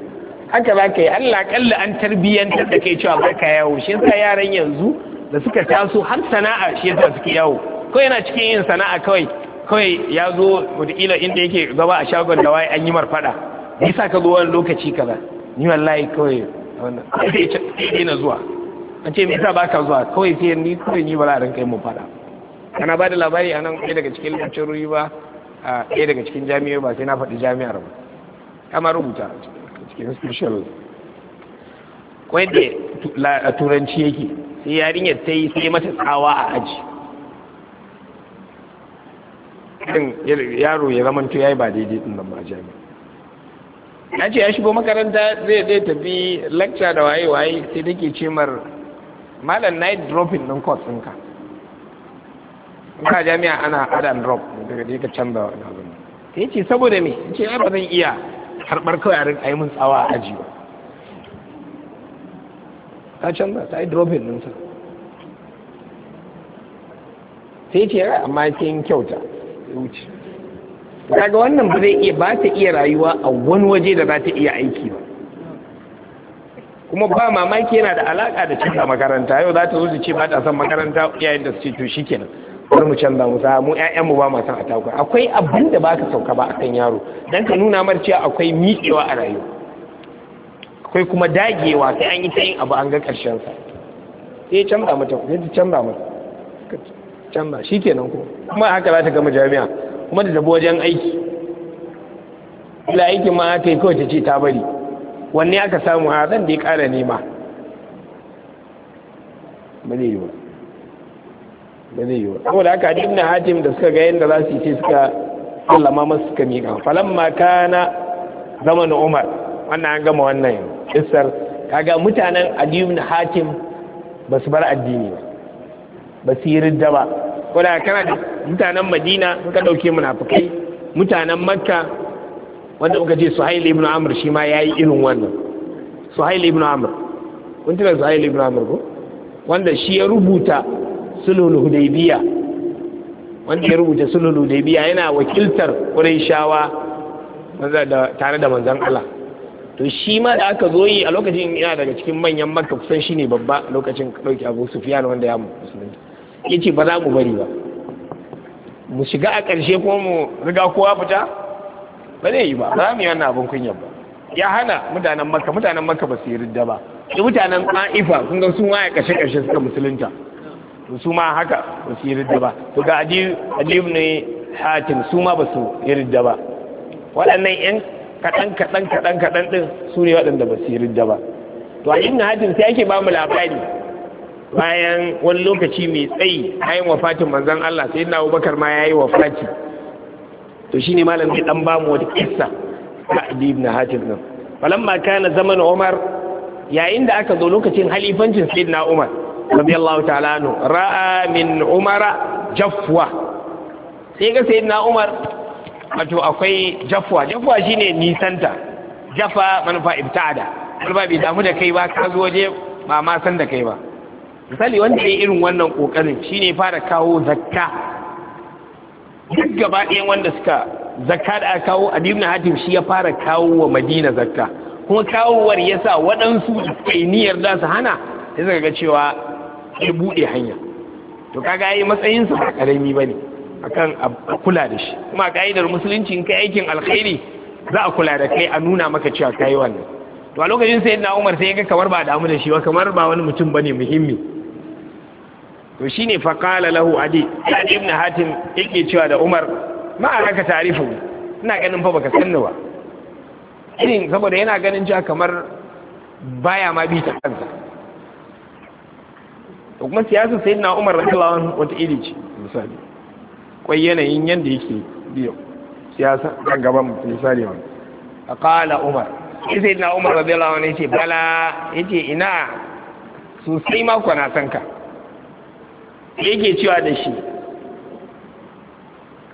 haka za ka yi allah kalla an tarbiyyantar da kai cewa baka yawo shi sa yaran yanzu da suka taso har sana'a shi yasa suke yawo ko yana cikin yin sana'a kawai kawai ya zo wataƙila inda yake gaba a shagon da waye an yi marfaɗa ya sa ka zo wani lokaci kaza ni wallahi kawai wannan sai na zuwa an ce me yasa baka zuwa kawai sai ni kawai ni ba za a rinka yin mu faɗa kana ba da labari a nan daga cikin ruri ba a ɗaya daga cikin jami'ai ba sai na faɗi jami'ar ba kama rubuta cikin special kwai da turanci yake sai yarinyar ta yi sai mata tsawa a aji ɗin yaro ya zamanto ya yi ba daidai ɗin nan ba jami'a ya ce ya shigo makaranta zai zai tafi lecture da waye-waye sai take ce mar malam night dropping ɗin course ɗinka ka jami'a ana add and drop daga je ka canza wani abin ta yace saboda me ce ai ba zan iya harbar kawai a rinka yi mun tsawa a aji ba ta canza ta yi dropping ɗinsa ta yace amma kin kyauta ya wuce daga wannan ba zai iya ba ta iya rayuwa a wani waje da za ta iya aiki ba kuma ba mamaki yana da alaka da canza makaranta yau za ta zo ce ba ta son makaranta yayin da su ce to shikenan bari mu canza musa mu ƴaƴan mu ba ma san atakwa akwai abin da baka sauka ba akan yaro dan ka nuna mar cewa akwai miƙewa a rayuwa akwai kuma dagewa sai an yi ta yin abu an ga ƙarshen sa sai eh, canza mata ku sai canza mata canza shi kenan ko kuma haka za ta gama jami'a kuma da tafi wajen aiki ila aiki ma ta yi kawai ta ce ta bari wanne aka samu a zan da ya ƙara nema ba zai yi ba ba zai yi wa saboda haka na hatim da suka ga yadda za su yi ce suka sallama masu suka miƙa falamma kana zaman umar wannan an gama wannan isar kaga mutanen na hatim ba su bar addini ba ba su yi ridda ba koda kana da mutanen madina suka ɗauke munafukai mutanen makka wanda muka ce suhaili ibn amr shi ma ya yi irin wannan suhaili ibn amr kun tuna suhail ibn amr ko wanda shi ya rubuta sulhul hudaybiya wanda ya rubuta sulhul hudaybiya yana wakiltar shawa tare da manzon Allah to shi ma da aka zo yi a lokacin yana daga cikin manyan makka kusan shine babba lokacin dauki Abu Sufyan wanda ya musulunta yace ba za mu bari ba mu shiga a ƙarshe ko mu riga kowa fita ba zai yi ba za mu yi wannan abin kunya ba ya hana mutanen makka mutanen makka ba su yi ridda ba da mutanen ƙa'ifa sun ga sun waye ƙarshe ƙashe suka musulunta to su ma haka ba su yi ridda ba to ga adib ne hatim su ma ba su yi ridda ba waɗannan yan kaɗan kaɗan kaɗan kaɗan ɗin su ne waɗanda ba su yi ridda ba to a ibn hatim sai ake ba mu labari bayan wani lokaci mai tsayi a bayan wafatin manzan Allah sai na Abubakar ma ya wa wafati to shine malam zai dan ba mu wata kissa ta adib na hatim din falamma kana zaman Umar yayin da aka zo lokacin halifancin sayyidina Umar radiyallahu ta'ala anhu ra'a min umara jafwa sai ga na umar wato akwai jafwa jafwa shine nisanta jafa manufa ibtada manufa bai damu da kai ba ka zo waje ba ma san da kai ba misali wanda ya irin wannan kokarin shine fara kawo zakka duk gaba wanda suka zakka da aka kawo adibin hatim shi ya fara kawo wa madina zakka kuma kawowar yasa waɗansu da suka niyyar da su hana sai ga cewa sai buɗe hanya to kaga ai matsayinsa ba karami ba ne akan a kula da shi kuma ka'idar musulunci in kai aikin alkhairi za a kula da kai a nuna maka cewa kai wannan to a lokacin sai na umar sai ya ga kamar ba damu da shi ba kamar ba wani mutum bane muhimmi to shine fa qala lahu adi adi ibn hatim yake cewa da umar ma alaka tarifu ina ganin fa baka sanni ba irin saboda yana ganin cewa kamar baya ma bi ta kansa ko kuma siyasar sai na umar radiyallahu wata iri ce misali kwai yanayin yadda yake biyo siyasa kan gaban misali wani a kala umar sai sai na umar radiyallahu anhu yace bala yace ina sosai ma na san ka yake cewa da shi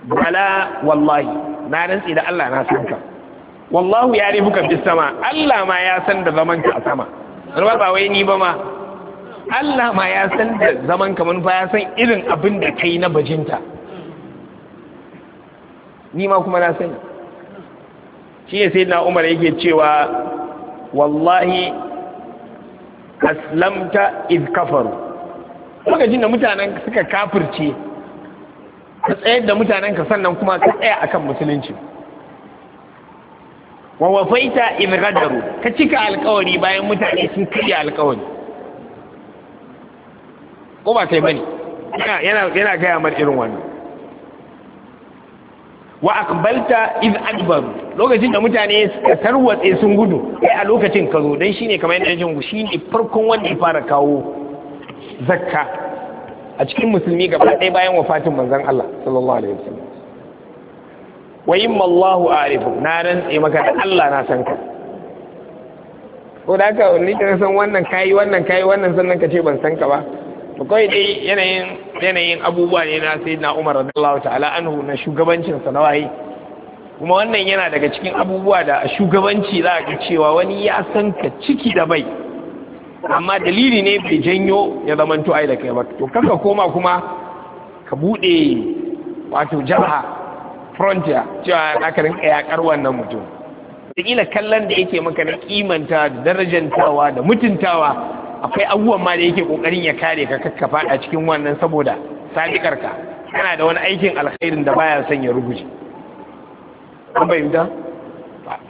bala wallahi na rantsi da Allah na san ka wallahu ya rifuka fi sama Allah ma ya san da zaman ka a sama ba wai ni ba ma Allah ma ya san da zaman kamar fa ya san irin abin da kai na bajinta ni ma kuma na sani shi ne sai na umar yake cewa wallahi aslamta iz kafaru lokacin da mutanen suka kafirce ka tsayar da mutanen ka sannan kuma ka tsaya akan musulunci wa wafaita in ka cika alkawari bayan mutane sun karya alkawari ko ba kai bane yana yana gaya mar irin wannan wa aqbalta iz adbar lokacin da mutane suka tarwatse sun gudu eh a lokacin ka zo dan shine kamar yadda jin shine farkon wanda ya fara kawo zakka a cikin musulmi gaba ɗaya bayan wafatin manzon Allah sallallahu alaihi wasallam wa yimma Allahu a'rifu na rantse maka Allah na san ka ko da ka ni da san wannan kai wannan kai wannan sannan ka ce ban san ka ba to kawai dai yanayin yanayin abubuwa ne na sayyidina Umar radiyallahu ta'ala anhu na shugabancin sa na waye kuma wannan yana daga cikin abubuwa da a shugabanci za a cewa wani ya san ka ciki da bai amma dalili ne bai janyo ya to ai da kai ba to kanka koma kuma ka bude wato jaha frontier cewa na ka rinka yakar wannan mutum da kallon da yake maka na kimanta da darajantawa da mutuntawa akwai abubuwan ma da yake kokarin ya kare ka kakka fada cikin wannan saboda sadikar ka kana da wani aikin alkhairin da baya son ya rubuce an da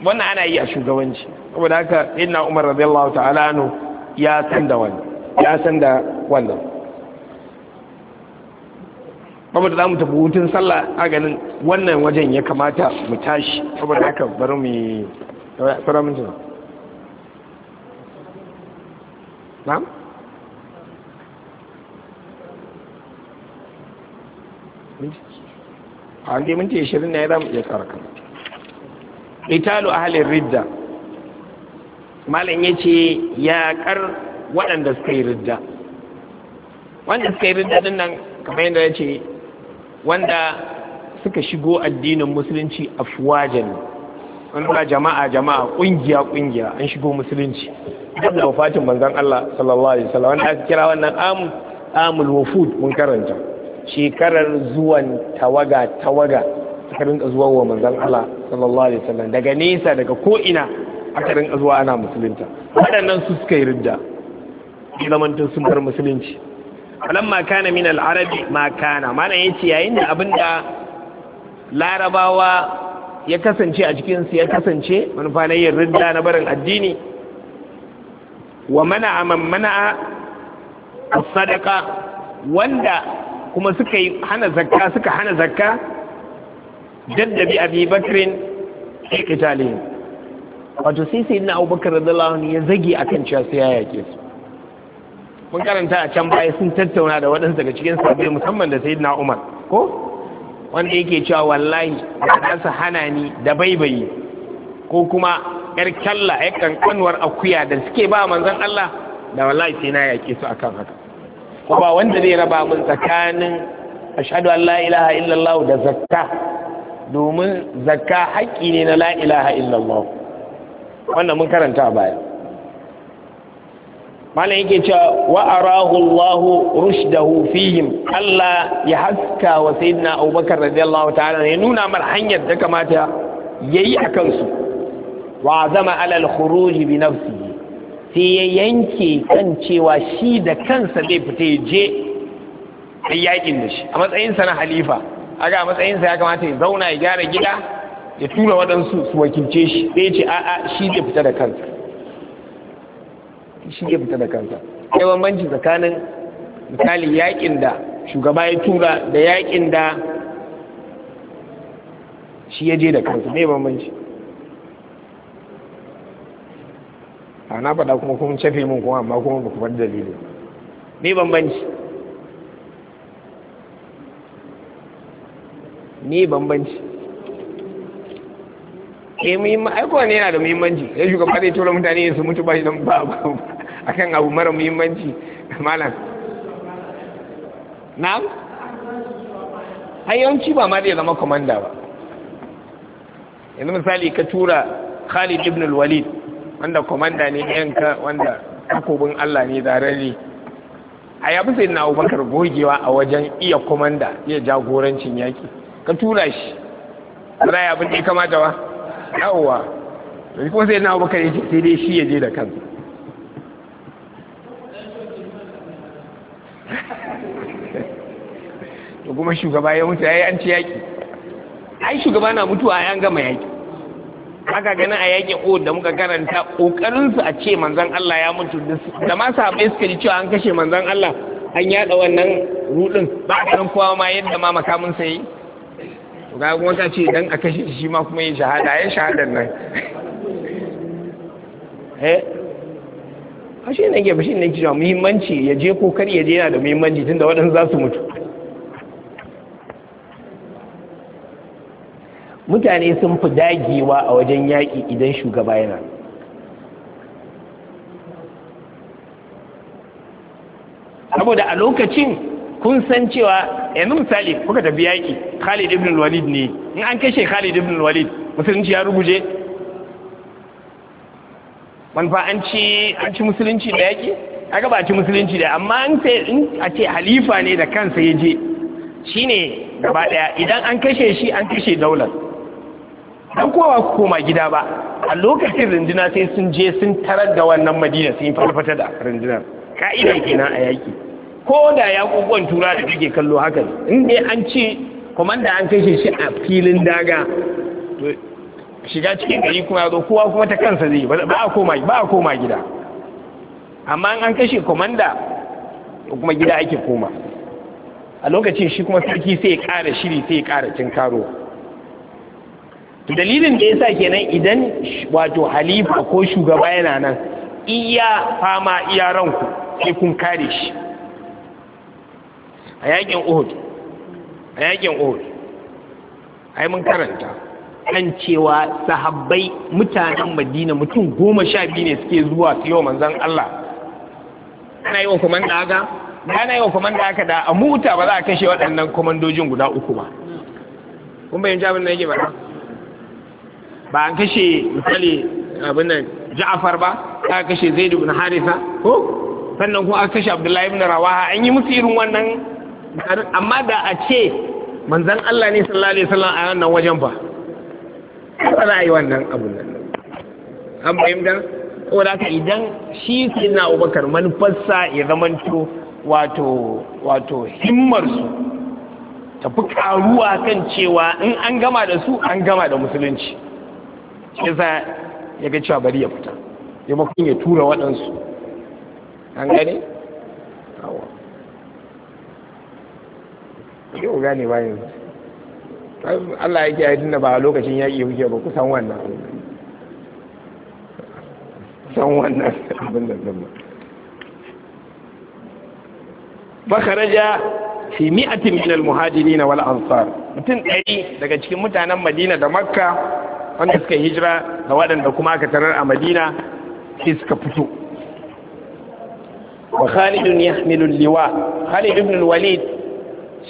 wannan ana yi a shugabanci saboda haka inna umar radiyallahu ta'ala anu ya san da wannan ya san da wannan babu da zamu tafi hutun sallah a ganin wannan wajen ya kamata mu tashi saboda haka bari mu yi sauran mintuna na'am a wanda ya zama ridda malam ya ce yaƙar waɗanda suka yi ridda wanda suka yi ridda ɗin nan kamar yadda ya ce wanda suka shigo addinin musulunci afuwajen wanda jama'a jama'a ƙungiya ƙungiya an shigo musulunci duk da wafatin manzon Allah sallallahu alaihi wasallam wanda aka kira wannan am amul wufud mun karanta shekarar zuwan tawaga tawaga aka rinka zuwa wa manzon Allah sallallahu alaihi wasallam daga nesa daga ko ina aka rinka zuwa ana musulunta waɗannan su suka yi ridda ya zamantar sun bar musulunci alamma kana min al-arabi ma kana mana yace yayin da abinda larabawa ya kasance a jikinsu ya kasance manufa na yin ridda na barin addini wa mana'a man a sadaka wanda kuma suka yi hana zakka suka hana zakka jaddabi abi bakrin qitalin wato sai sai na abubakar radiyallahu anhu ya zage kan cewa sai ya yake su mun karanta a can baya sun tattauna da waɗansu daga cikin sabbin musamman da sayyidina umar ko wanda yake cewa wallahi ba su hana ni da baibayi ko kuma yar kyalla ya kankanuwar akuya da suke ba manzon Allah da wallahi sai na yake su akan haka ko ba wanda zai raba mun tsakanin ashhadu an la ilaha illallah da zakka domin zakka haƙƙi ne na la ilaha illallah wannan mun karanta a baya malam yake cewa wa arahu Allah rushdahu fihim Allah ya haska wa sayyidina Abubakar radiyallahu ta'ala ya nuna mar hanyar da kamata yayi akan su wa zama alal khuruji bi nafsihi sai ya yanke kan cewa shi da kansa zai fita ya je a yakin da shi a matsayinsa na halifa aga a matsayinsa ya kamata ya zauna ya gyara gida ya tura waɗansu su wakilce shi sai ce a'a shi zai fita da kansa shi zai fita da kansa sai bambanci tsakanin misali yakin da shugaba ya tura da yakin da shi ya je da kansa mai bambanci a na faɗa kuma kun cafe mun kuma amma kuma ba ku faɗi dalilin Ni bambanci Ni bambanci eh muhimman aiko ne yana da muhimmanci ya shugaba zai tura mutane su mutu ba shi don ba A kan abu mara muhimmanci malam na'am hayyanci ba ma zai zama komanda ba yanzu misali ka tura khalid ibn al-walid wanda komanda ne yanka wanda takobin Allah ne rari a ya fi sai na abubakar gogewa a wajen iya komanda iya jagorancin yaƙi ka tura shi ba ya abin da kamata ba yawwa da kuma sai na abubakar ya ce sai dai shi ya je da kansa to kuma shugaba ya mutu ya yi an ci yaƙi ai shugaba na mutuwa ya gama yaƙi aka gani a yakin O da muka karanta ƙoƙarinsu a ce manzon Allah ya mutu da ma sahabbai suka ji cewa an kashe manzon Allah an yada wannan rudin ba a san kowa ma yadda ma makamin sai ga kuma ka ce dan a kashe shi ma kuma yin shahada ya shahadar nan eh ashe ne ke bashin ne cewa muhimmanci ya je ko kar ya je yana da muhimmanci tunda waɗansu za su mutu mutane sun fi dagewa a wajen yaƙi idan shugaba yana saboda a lokacin kun san cewa eh, yanzu misali kuka tafi yaƙi khalid ibn walid ne in an kashe khalid ibn walid musulunci ya rubuje manfa an ci an ci musulunci da yaƙi aka ba ci musulunci da amma an sai in a ce halifa ne da kansa ya je shine gaba ɗaya idan an kashe shi an kashe daular dan kowa ku koma gida ba a lokacin rinjina sai sun je sun tarar da wannan madina sun yi farfata da rundunar ka'ida kenan a yaki ko da ya kokon tura da kake kallo haka in dai an ce komanda an kashe shi a filin daga to shiga cikin gari kuma zo kowa kuma ta kansa zai ba a koma ba a koma gida amma an kashe komanda kuma gida ake koma a lokacin shi kuma sarki sai ya ƙara shiri sai ya ƙara cin karo to dalilin da yasa kenan idan wato halifa ko shugaba yana nan iya fama iya ranku sai kun kare shi a yakin Uhud a yakin Uhud ai mun karanta kan cewa sahabbai mutanen Madina mutum goma sha biyu ne suke zuwa su yi manzon Allah ana yi wa komanda haka da ana yi wa komanda haka da a muta ba za a kashe waɗannan komandojin guda uku ba kun bayyana abin da yake ba ba an kashe misali abin nan ja'afar ba ta kashe Zaidu bin harisa ko sannan kuma aka kashe abdullahi bin rawaha an yi musu irin wannan amma da a ce manzon Allah ne sallallahu alaihi wasallam a wannan wajen ba ba za a yi wannan abu nan an da saboda haka idan shi sai na abubakar manufarsa ya zamanto wato wato ta tafi karuwa kan cewa in an gama da su an gama da musulunci shi za ya ga cewa bari ya fita ya makon ya tura waɗansu an gane? awa yau gane bayan su Allah ke yi da ba a lokacin yaƙi kuke ba kusan wannan kusan wannan abin da zama bakaraja fi mi'atin min al-muhajirin wal ansar mutum ɗari daga cikin mutanen Madina da Makka wanda suka hijira da waɗanda kuma aka tarar a madina sai suka fito wa khalidun yahmilu liwa khalid ibn walid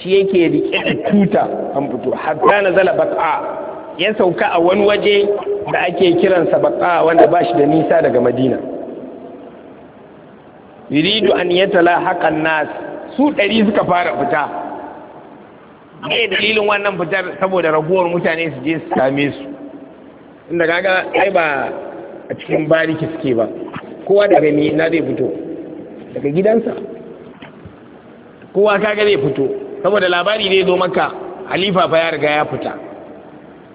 shi yake rike da tuta an fito hatta nazala bat'a ya sauka a wani waje da ake kiransa bat'a wanda ba shi da nisa daga madina yuridu an yatala haƙan nas su ɗari suka fara fita ne dalilin wannan fitar saboda raguwar mutane su je su same su inda kaga ai ba a cikin bariki suke ba kowa daga ni na zai fito daga gidansa kowa kaga zai fito saboda labari ne zo maka halifa fa ya riga ya fita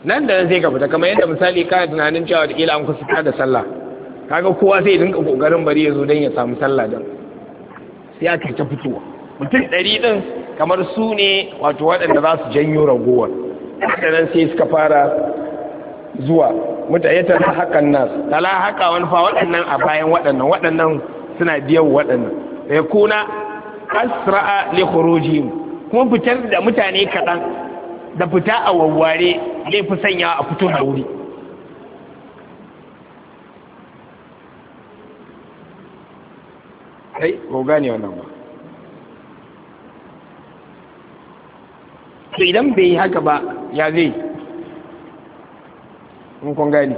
nan da nan sai ka fita kamar yadda misali ka tunanin cewa da ila an kusa da sallah kaga kowa sai dinka kokarin bari ya zo dan ya samu sallah din sai aka ta fitowa mutum ɗari ɗin kamar su ne wato waɗanda za su janyo ragowar nan sai suka fara zuwa muta ya tana hakan nas tala haka wani fa waɗannan a bayan waɗannan waɗannan suna biyan waɗannan ya kuna asra'a li khurujihim kuma fitar da mutane kaɗan da fita a wawware zai fi sanya a fito da wuri ai ko gane wannan ba to idan bai yi haka ba ya zai mun kun gani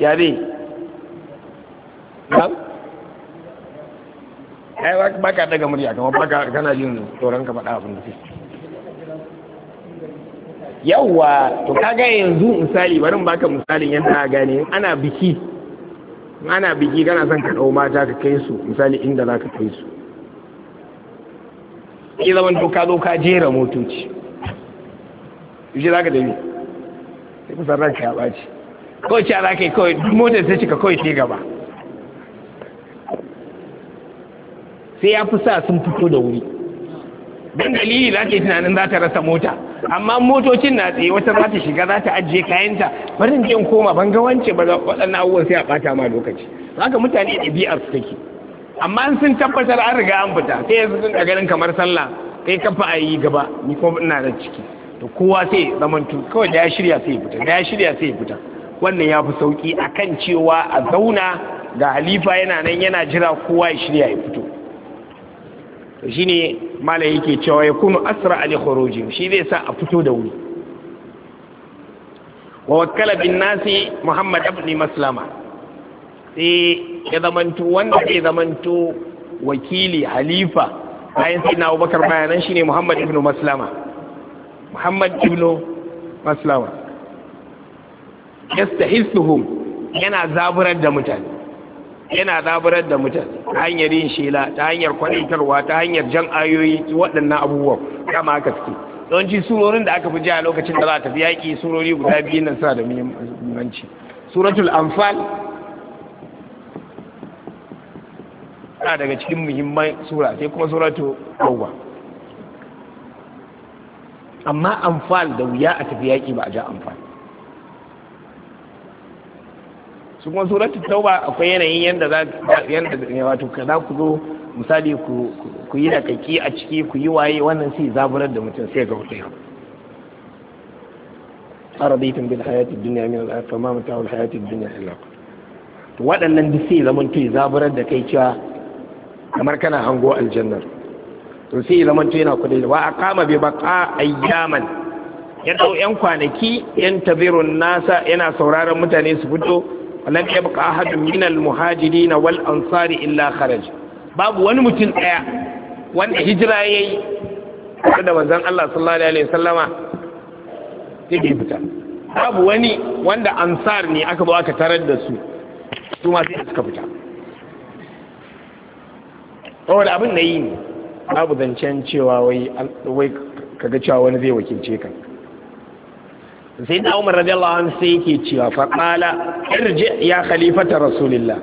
ya dai ɗan ai baka daga murya kama baka kana jin tsoron ka faɗa abin da yawwa to kaga yanzu misali barin baka misalin yadda a gane ana biki ana biki kana son ka ɗau mata ka kai su misali inda za ka kai su ki zama to ka zo ka jera motoci yi za ka yi sai kusan ranka ya ɓaci kawai ce a ka kawai duk motar sai cika kawai sai gaba sai ya fi sa sun fito da wuri don dalili za ka yi tunanin za ta rasa mota amma motocin na tsaye wata za ta shiga za ta ajiye kayanta barin yin koma ban ga wance ba waɗannan abubuwan sai a ɓata ma lokaci ka mutane ɗabi'ar su take amma sun tabbatar an riga an fita sai yanzu sun ganin kamar sallah kai kafa a yi gaba ni kuma ina da ciki kowa sai zamantu kawai da ya shirya sai fita da ya shirya sai fita wannan ya fi sauki akan cewa a zauna ga halifa yana nan yana jira kowa ya shirya ya fito to shine mala yake cewa ya kuma asra ali khurujin shi zai sa a fito da wuri wa wakala bin nasi muhammad ibn maslama sai ya zamantu wanda zai zamanto wakili halifa bayan sai na abubakar bayanan shine muhammad ibn maslama muhammad ibn maslawa yastahissuhum yana zaburar da mutane yana zaburar da mutane ta hanyar yin shela ta hanyar kwalitarwa ta hanyar jan ayoyi waɗannan abubuwan kama aka suke yawanci surorin da aka fi jiya lokacin da za a tafi yaƙi surori guda biyu nan suna da muhimmanci suratul anfal na daga cikin muhimman sura sai kuma suratul tauba amma amfal da wuya a tafi yaƙi ba a ja amfal su kuma suratu tauba akwai yanayin yadda za yadda wato za ku zo misali ku yi dakaki a ciki ku yi waye wannan sai zaburar da mutum sai ga mutum aradaitum bil hayati dunya min al-akhirah fa ma mata'ul hayati dunya illa to waɗannan duk sai zaman to zaburar da kai cewa kamar kana hango aljannar to sai ya zama yana kudai wa a kama bai baka ayyaman ya dau yan kwanaki yan tabirun nasa yana sauraron mutane su fito lam yabqa ahadun min al muhajirin wal ansari illa kharaj babu wani mutum daya wanda hijira yayi da manzon Allah sallallahu alaihi wasallama yake fita babu wani wanda ansar ne aka zo aka tarar da su su ma sai suka fita saboda abin da yi ne babu zancen cewa wai kaga cewa wani zai wakilce ka sai da umar radiyallahu anhu sai yake cewa fa qala irji ya khalifata rasulillah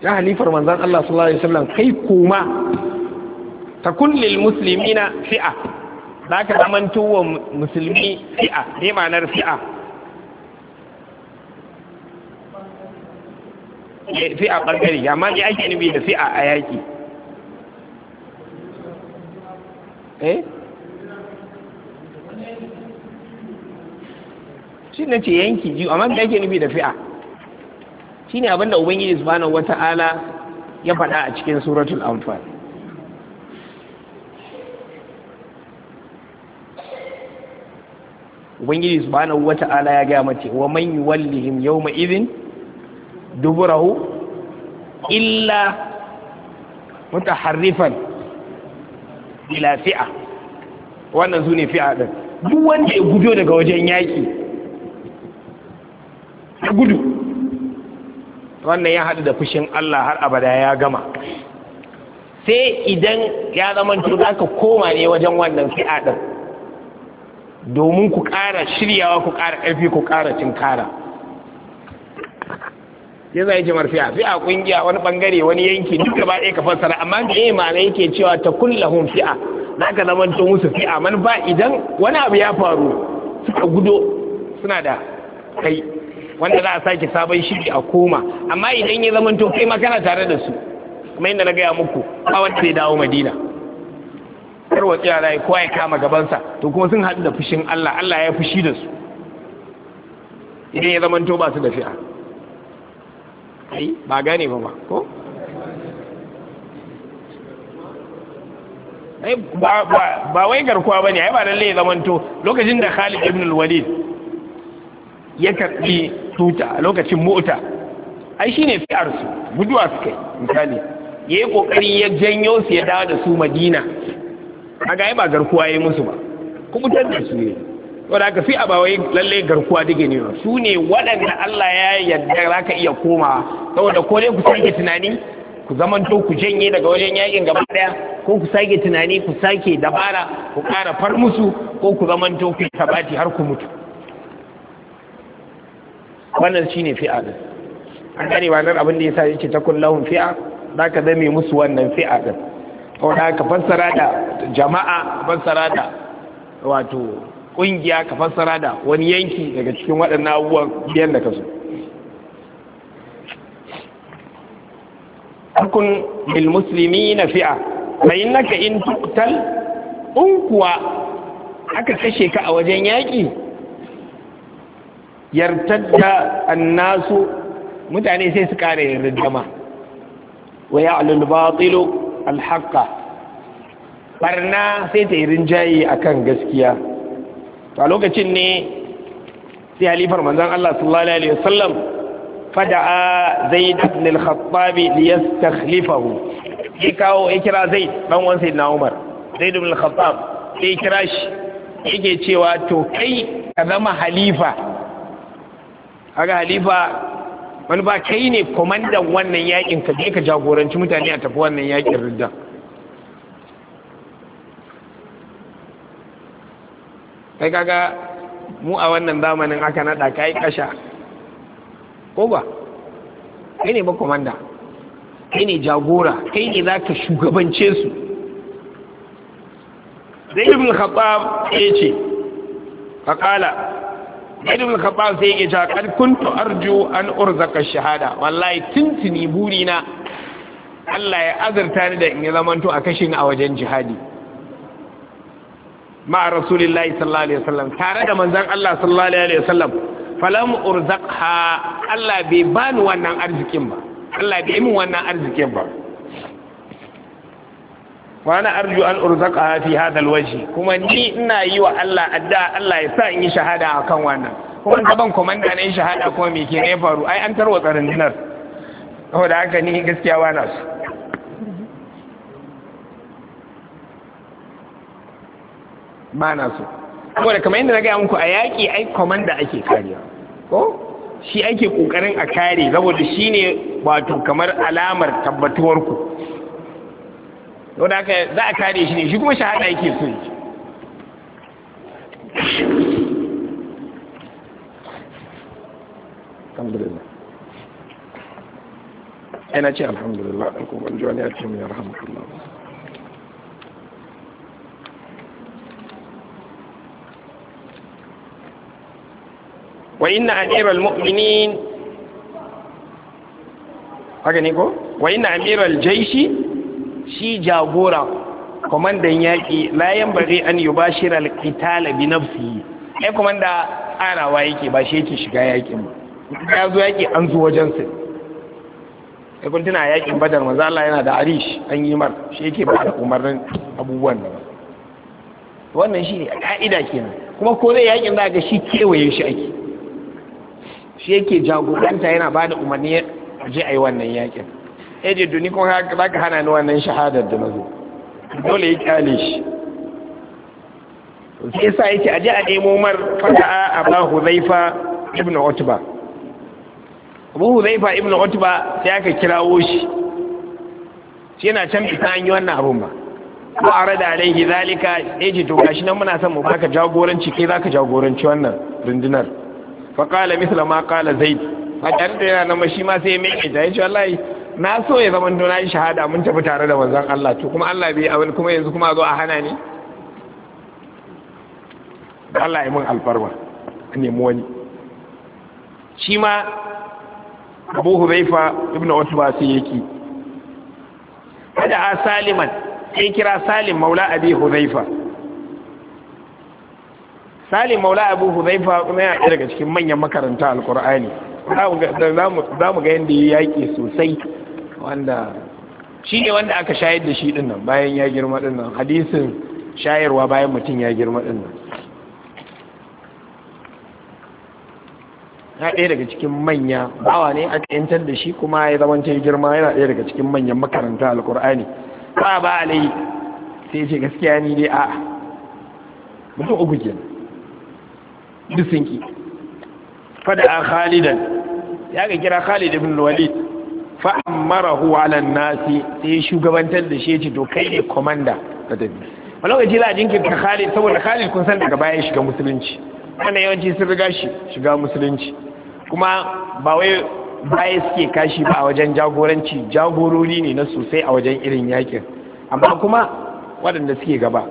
ya halifar manzon Allah sallallahu alaihi wasallam kai kuma takun lil muslimina fi'a zaka zaman wa musulmi fi'a ne ma'anar fi'a eh, fi'a bangare amma ne ake nubi da fi'a a yaki eh shi na ce yanki jiyo amma da ake nufi da fi'a shi ne abinda ubangiji subhanahu wata'ala ya faɗa a cikin suratul anfal ubangiji subhanahu ala ya gaya mace wa man yuwallihim yawma idhin duburahu illa mutaharrifan ila fi'a wannan su ne fi'a ɗin duk wanda ya gudu daga wajen yaƙi ya gudu wannan ya haɗu da fushin Allah har abada ya gama sai idan ya zama za ka koma ne wajen wannan fi'a ɗin domin ku ƙara shiryawa ku ƙara ƙarfi ku ƙara cinkara ya zai ji marfiya a kungiya wani bangare wani yanki duk ba ɗaya ka fassara amma da ya ma'ana yake cewa ta kullahum fi'a za ka zama tun musu fi'a man ba idan wani abu ya faru suka gudo suna da kai wanda za a sake sabon shiri a koma amma idan ya zama tun kai ma kana tare da su kuma yadda na gaya muku ba wanda zai dawo madina kar watsi tsira ya kowa ya kama gabansa to kuma sun haɗu da fushin Allah Allah ya fushi da su idan ya zama to ba su da fi'a ai ba gane ba ba ko ba wai garkuwa ba ne ai ba lalle zamanto lokacin da khalid ibn al-walid ya karbi tuta a lokacin mota ai shine fi'ar su guduwa su kai misali yayi kokari ya janyo su ya dawo da su madina kaga ai ba garkuwa yayi musu ba kuma tar da su ne wadda aka fi a bawai lallai garkuwa dige ne su ne waɗanda Allah ya yarda za ka iya koma saboda ko dai ku sake tunani ku to ku janye daga wajen yakin gaba daya ko ku sake tunani ku sake dabara ku ƙara far musu ko ku to ku tabati har ku mutu wannan shine fi'a din an gane ba nan abin da yasa yace ta kullahun fi'a zaka zame musu wannan fi'a din ko da ka fassara da jama'a fassara da wato ƙungiya ka fassara da wani yanki daga cikin waɗannan abubuwan biyan da ka so takun musulmi na fi'a fa innaka in tuktal in kuwa aka kashe ka a wajen yaƙi yartadda annasu mutane sai su kare yarda wa ya batilu alhaqa barna sai ta yi rinjaye akan gaskiya to a lokacin ne sai halifar manzan Allah sallallahu alaihi wasallam fada'a zaid ibn al li yastakhlifahu ya kawo ya kira zaid dan uwan sayyidina Umar zaid ibn al-khattab sai kira shi yake cewa to kai ka zama halifa kaga halifa wani ba kai ne komandan wannan yakin ka je ka jagoranci mutane a tafi wannan yakin ridda kai kaga mu a wannan zamanin aka naɗa kai kasha ko ba kai ne ba komanda kai ne jagora kai ne ka shugabance su zai ibn khattab ya ce kala zai ibn khattab sai ya ce kad kuntu arju an urzaka shahada wallahi tuntuni burina Allah ya azurta ni da in yi zamanto a kashin a wajen jihadi ma'a rasulillahi sallallahu alaihi wasallam tare da manzan Allah sallallahu alaihi wasallam falam urzaqha Allah bai bani wannan arzikin ba Allah bai min wannan arzikin ba wa ana arju an urzaqaha fi kuma ni ina yi wa Allah adda Allah ya sa in yi shahada akan wannan kuma gaban komanda ne shahada kuma me ke ne faru ai an tarwatsa rundunar saboda haka ni gaskiya ba na su ba na so saboda kamar yadda na gaya muku a yaƙi ai komanda ake kariya ko shi ake ƙoƙarin a kare saboda shi ne wato kamar alamar tabbatuwar ku saboda haka za a kare shi ne shi kuma shahada yake so yi alhamdulillah ina ce alhamdulillah ɗan kuma a ce mai rahmatullah wa inna amiral mu'minin haka ne ko wa inna amiral jaishi shi jagora kwamandan yaƙi layan bari an yi bashir alƙitala bi nafsi ai kwamanda tsarawa yake ba shi yake shiga yaƙin ba ya zo yaƙi an zo wajensa ai kun tuna yaƙin badar mazala yana da arish an yi mar shi yake ba da umarnin abubuwan nan wannan shi ne a ka'ida kenan kuma ko zai yaƙin za ga shi kewaye shi ake shi yake jagoranta yana ba da umarni a je a yi wannan yakin ya eh, je duni haka za ka hana ni wannan shahadar da nazo dole ya kyale shi sai yasa yake aje a nemo mar fata'a ba huzaifa ibn utba abu huzaifa ibn utba sai aka kirawo shi shi yana can bisa an yi wannan abun ba ko a rada alaihi zalika ya eh, ce to gashi nan muna son mu baka jagoranci kai zaka jagoranci wannan rundunar fa qala ma ƙala zai hadan da yana nan shi ma sai ya miƙe ta yace wallahi na so ya zama to na yi shahada mun tafi tare da manzon Allah to kuma Allah bai abin kuma yanzu kuma zo a hana ni Allah ya mun alfarma nemi wani shi ma Abu Huzaifa ibn Utba sai yake kada a Saliman sai kira Salim maula Abi Huzaifa. salim maula abu fa kuma yana ɗaya daga cikin manyan makaranta alkur'ani za mu ga yadda ya yaƙi sosai wanda shi ne wanda aka shayar da shi dinnan bayan ya girma dinnan hadisin shayarwa bayan mutum ya girma dinnan ya ɗaya daga cikin manya bawa ne aka yantar da shi kuma ya zama ya girma yana ɗaya daga cikin manyan makaranta alkur'ani ba ba alai sai ce gaskiya ni dai a'a mutum uku kenan dusinki fada khalidan ya ga kira khalid ibn walid fa amarahu ala nasi sai ya shugabantar da shi ce to kai ne komanda ka tafi a lokaci za a jinkirta khalid saboda khalid kun san daga baya shiga musulunci wannan yawanci sun riga shi shiga musulunci kuma ba wai baya suke kashi ba a wajen jagoranci jagorori ne na sosai a wajen irin yakin amma kuma waɗanda suke gaba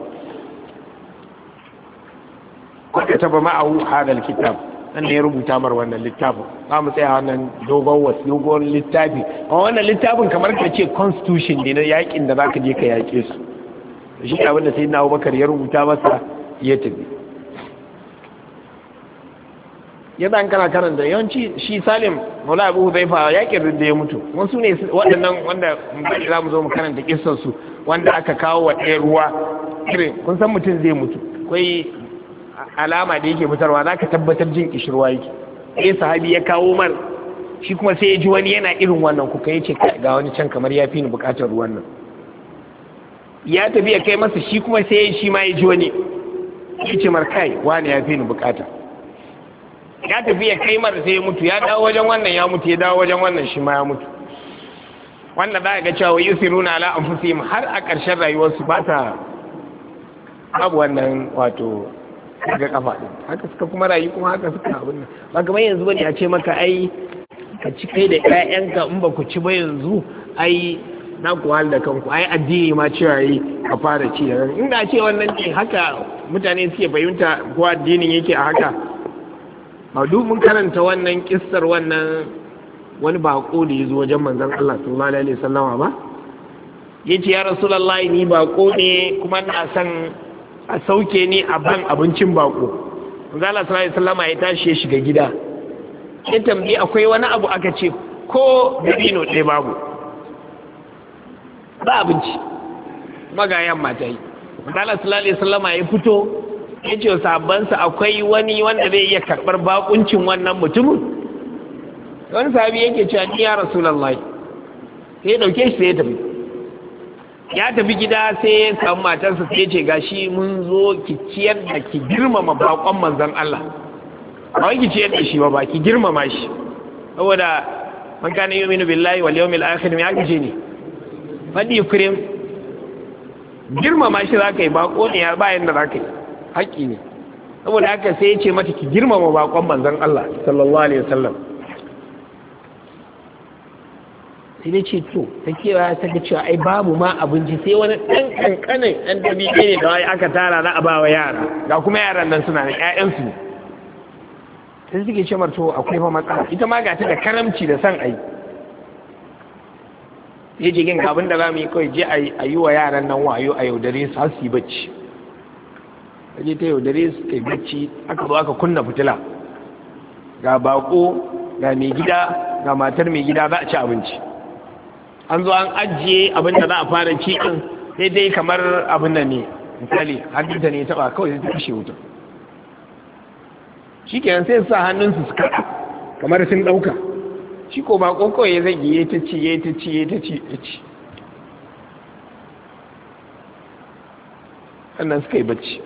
wadda ta ba ma'ahu hadal kitab nan ya rubuta mar wannan littafin za mu tsaya wannan dogon wasu dogon littafi a wannan littafin kamar ka ce constitution ne na yakin da zaka je ka yake su shi abin da sai na bakar ya rubuta masa ya tafi ya dan kana karanta yawanci shi salim mola abu huzaifa yakin da ya mutu wasu ne waɗannan wanda za mu zo mu karanta kissar su wanda aka kawo wa ɗaya ruwa kun san mutum zai mutu akwai alama da yake fitarwa za ka tabbatar jin kishirwa yake sai sahabi ya kawo mar shi kuma sai ya ji wani yana irin wannan kuka ya ce ga wani can kamar ya fi ni bukatar ruwan nan ya tafi ya kai masa shi kuma sai shi ma ya ji wani ya ce mar kai wani ya fi ni bukata ya tafi ya kai mar sai ya mutu ya dawo wajen wannan ya mutu ya dawo wajen wannan shi ma ya mutu wannan za a ga cewa yusiruna ala anfusihim har a ƙarshen rayuwarsu ba ta babu wannan wato ga kafa din haka suka kuma rayu kuma haka suka abin nan ba kamar yanzu bane a ce maka ai ka ci kai da ƴaƴanka in ba ku ci ba yanzu ai na ku hal da kanku ai addini ma cewa yi a fara ci da ce wannan ne haka mutane suke fahimta ko addinin yake a haka a duk mun karanta wannan kissar wannan wani bako da ya zo wajen manzon Allah sallallahu alaihi wasallama ba yace ya rasulullahi ni bako ne kuma na san a sauke ni a ban abincin bako zala sallallahu alaihi ya tashi ya shiga gida ya tambi akwai wani abu aka ce ko dabino ɗaya babu ba abinci magayan mata yi zala sallallahu alaihi ya fito ya ce sabansa akwai wani wanda zai iya karɓar bakuncin wannan mutumin wani sahabi yake cewa ni ya rasulullahi sai ya ɗauke shi sai ya tafi ya tafi gida sai ya samu matarsa sai ce gashi mun zo ki ciyar da ki girmama bakon manzon Allah ba wai ki ciyar da shi ba ba ki girmama shi saboda man kana yu'minu billahi wal yawmil akhir me ake ce ne fadi kurim girmama shi zaka yi bako ne ya bayan da zaka yi haƙi ne saboda haka sai ya ce mata ki girmama bakon manzon Allah sallallahu alaihi wasallam sai dai ce to ta kewa ta ga cewa ai babu ma abinci sai wani ɗan kankanin ɗan dabi ne da wai aka tara na wa yara ga kuma yaran nan suna da ƴaƴansu ne sai suke ce to akwai fa matsala ita ma ga ta da karamci da san ai ya je gin abin da za mu yi kawai je a yi wa yaran nan wayo a yaudare su har su yi bacci je ta yaudare su kai bacci aka zo aka kunna fitila ga baƙo ga mai gida ga matar mai gida za a ci abinci an zo an ajiye abin da za a fara ci din sai dai kamar abin da ne misali hannunta ne ya ba kawai zai ta kashe wuta shi ke sai sa hannunsu su suka kamar sun ɗauka shi ko ba ko kawai zai ya ta ci ya ta ci ya ta ci ya ci sannan suka yi bacci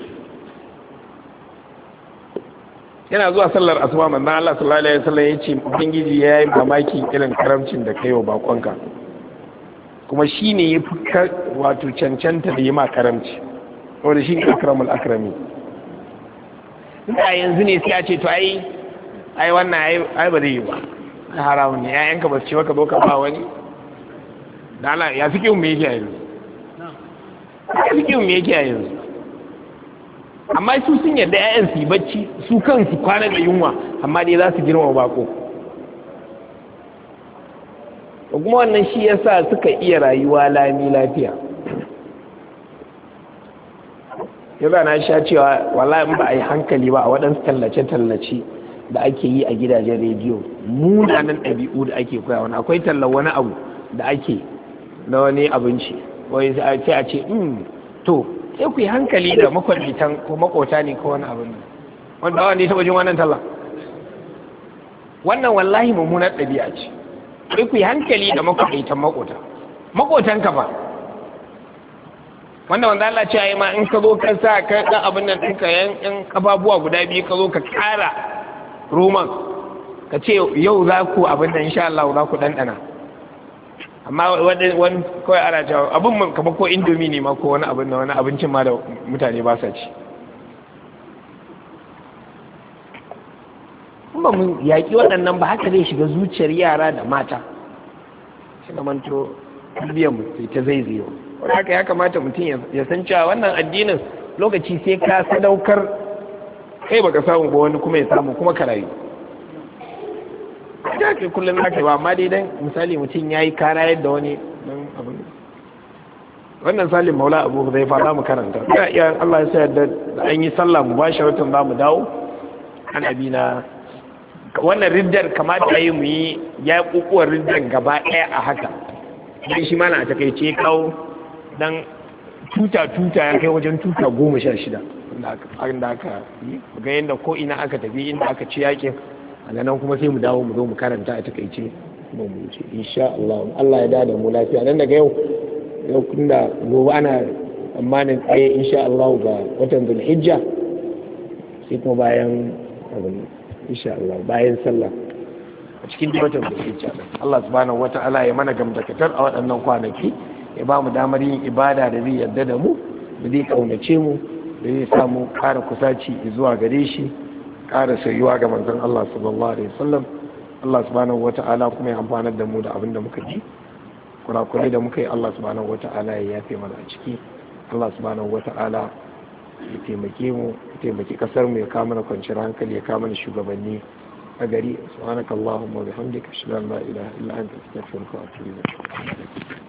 yana zuwa sallar asuba manzan Allah sallallahu alaihi wasallam ya ce ubangiji ya yi mamakin irin karamcin da kai wa bakonka kuma shi ne ya fi wato cancanta da yi ma karamci wadda shi ne akramul akrami da yanzu ne sai a ce to ai ai wannan ai ba zai yi ba na haramun ne yanka ba su ce maka zo ka ba wani da ala ya fi me yake a yanzu ya fi me yake a yanzu amma su sun yadda yayan su yi bacci su kansu kwana da yunwa amma dai za su girma bako da kuma wannan shi ya sa suka iya rayuwa lami lafiya ya na sha cewa wala in ba a yi hankali ba a waɗansu tallace-tallace da ake yi a gidajen rediyo munanan ɗabi'u da ake koya wani akwai tallar wani abu da ake na wani abinci wai sai a ce a ce hmm, to sai ku yi hankali da makwabitan ko makota ne ko wani abin wanda wani ta wajen wannan tallar wannan wallahi mummunar ɗabi'a ce ku yi hankali da makwaitan makota makotanka ba wanda wanda Allah ce ai ma in ka zo ka sa ka ga abin nan ɗinka yan yan ƙafafuwa guda biyu ka zo ka ƙara roman ka ce yau za ku abin nan insha Allah za ku ɗanɗana amma wani kawai ana cewa abin kamar ko indomi ne ma ko wani abin wani abincin ma da mutane ba sa ci ba mun yaƙi waɗannan ba haka zai shiga zuciyar yara da mata shi na manto biyan mu sai ta zai zai wani haka ya kamata mutum ya san cewa wannan addinin lokaci sai ka sadaukar kai baka samu ba wani kuma ya samu kuma ka rayu ya ke kullum na yi ba amma dai dan misali mutum ya yi kara yadda wani dan abin wannan salim maula abu zai fara mu karanta ya iya Allah ya sa yadda an yi sallah mu ba shi watan ba mu dawo an abina wannan riddar kamata yi mu yi ya kukuwar riddar gaba ɗaya a haka don shi mana a takaice kawo don tuta-tuta ya kai wajen tuta goma sha shida inda aka yi ga yadda ko aka tafi inda aka ci yakin a nan kuma sai mu dawo mu zo mu karanta a takaice mu insha Allah Allah ya dada mu lafiya nan daga yau yau da gobe ana tsammanin tsaye insha Allah ga watan Zulhijja sai kuma bayan abin insha Allah bayan sallah a cikin watan da ke Allah subhanahu wata'ala ya mana gamdakatar a waɗannan kwanaki ya ba mu damar yin ibada da zai yarda da mu da zai kaunace mu da zai samu ƙara kusaci zuwa gare shi ƙara sayuwa ga manzon Allah sallallahu alaihi wasallam Allah subhanahu wata'ala kuma ya amfana da mu da abin da muka ji kurakurai da muka yi Allah subhanahu wata'ala ya yafe mana a ciki Allah subhanahu wata'ala ya taimake mu ya taimaki kasar mu ya kama na kwanciyar hankali ya kama na shugabanni a gari subhanakallahumma wa bihamdika ashhadu an la ilaha illa anta astaghfiruka wa atubu ilaik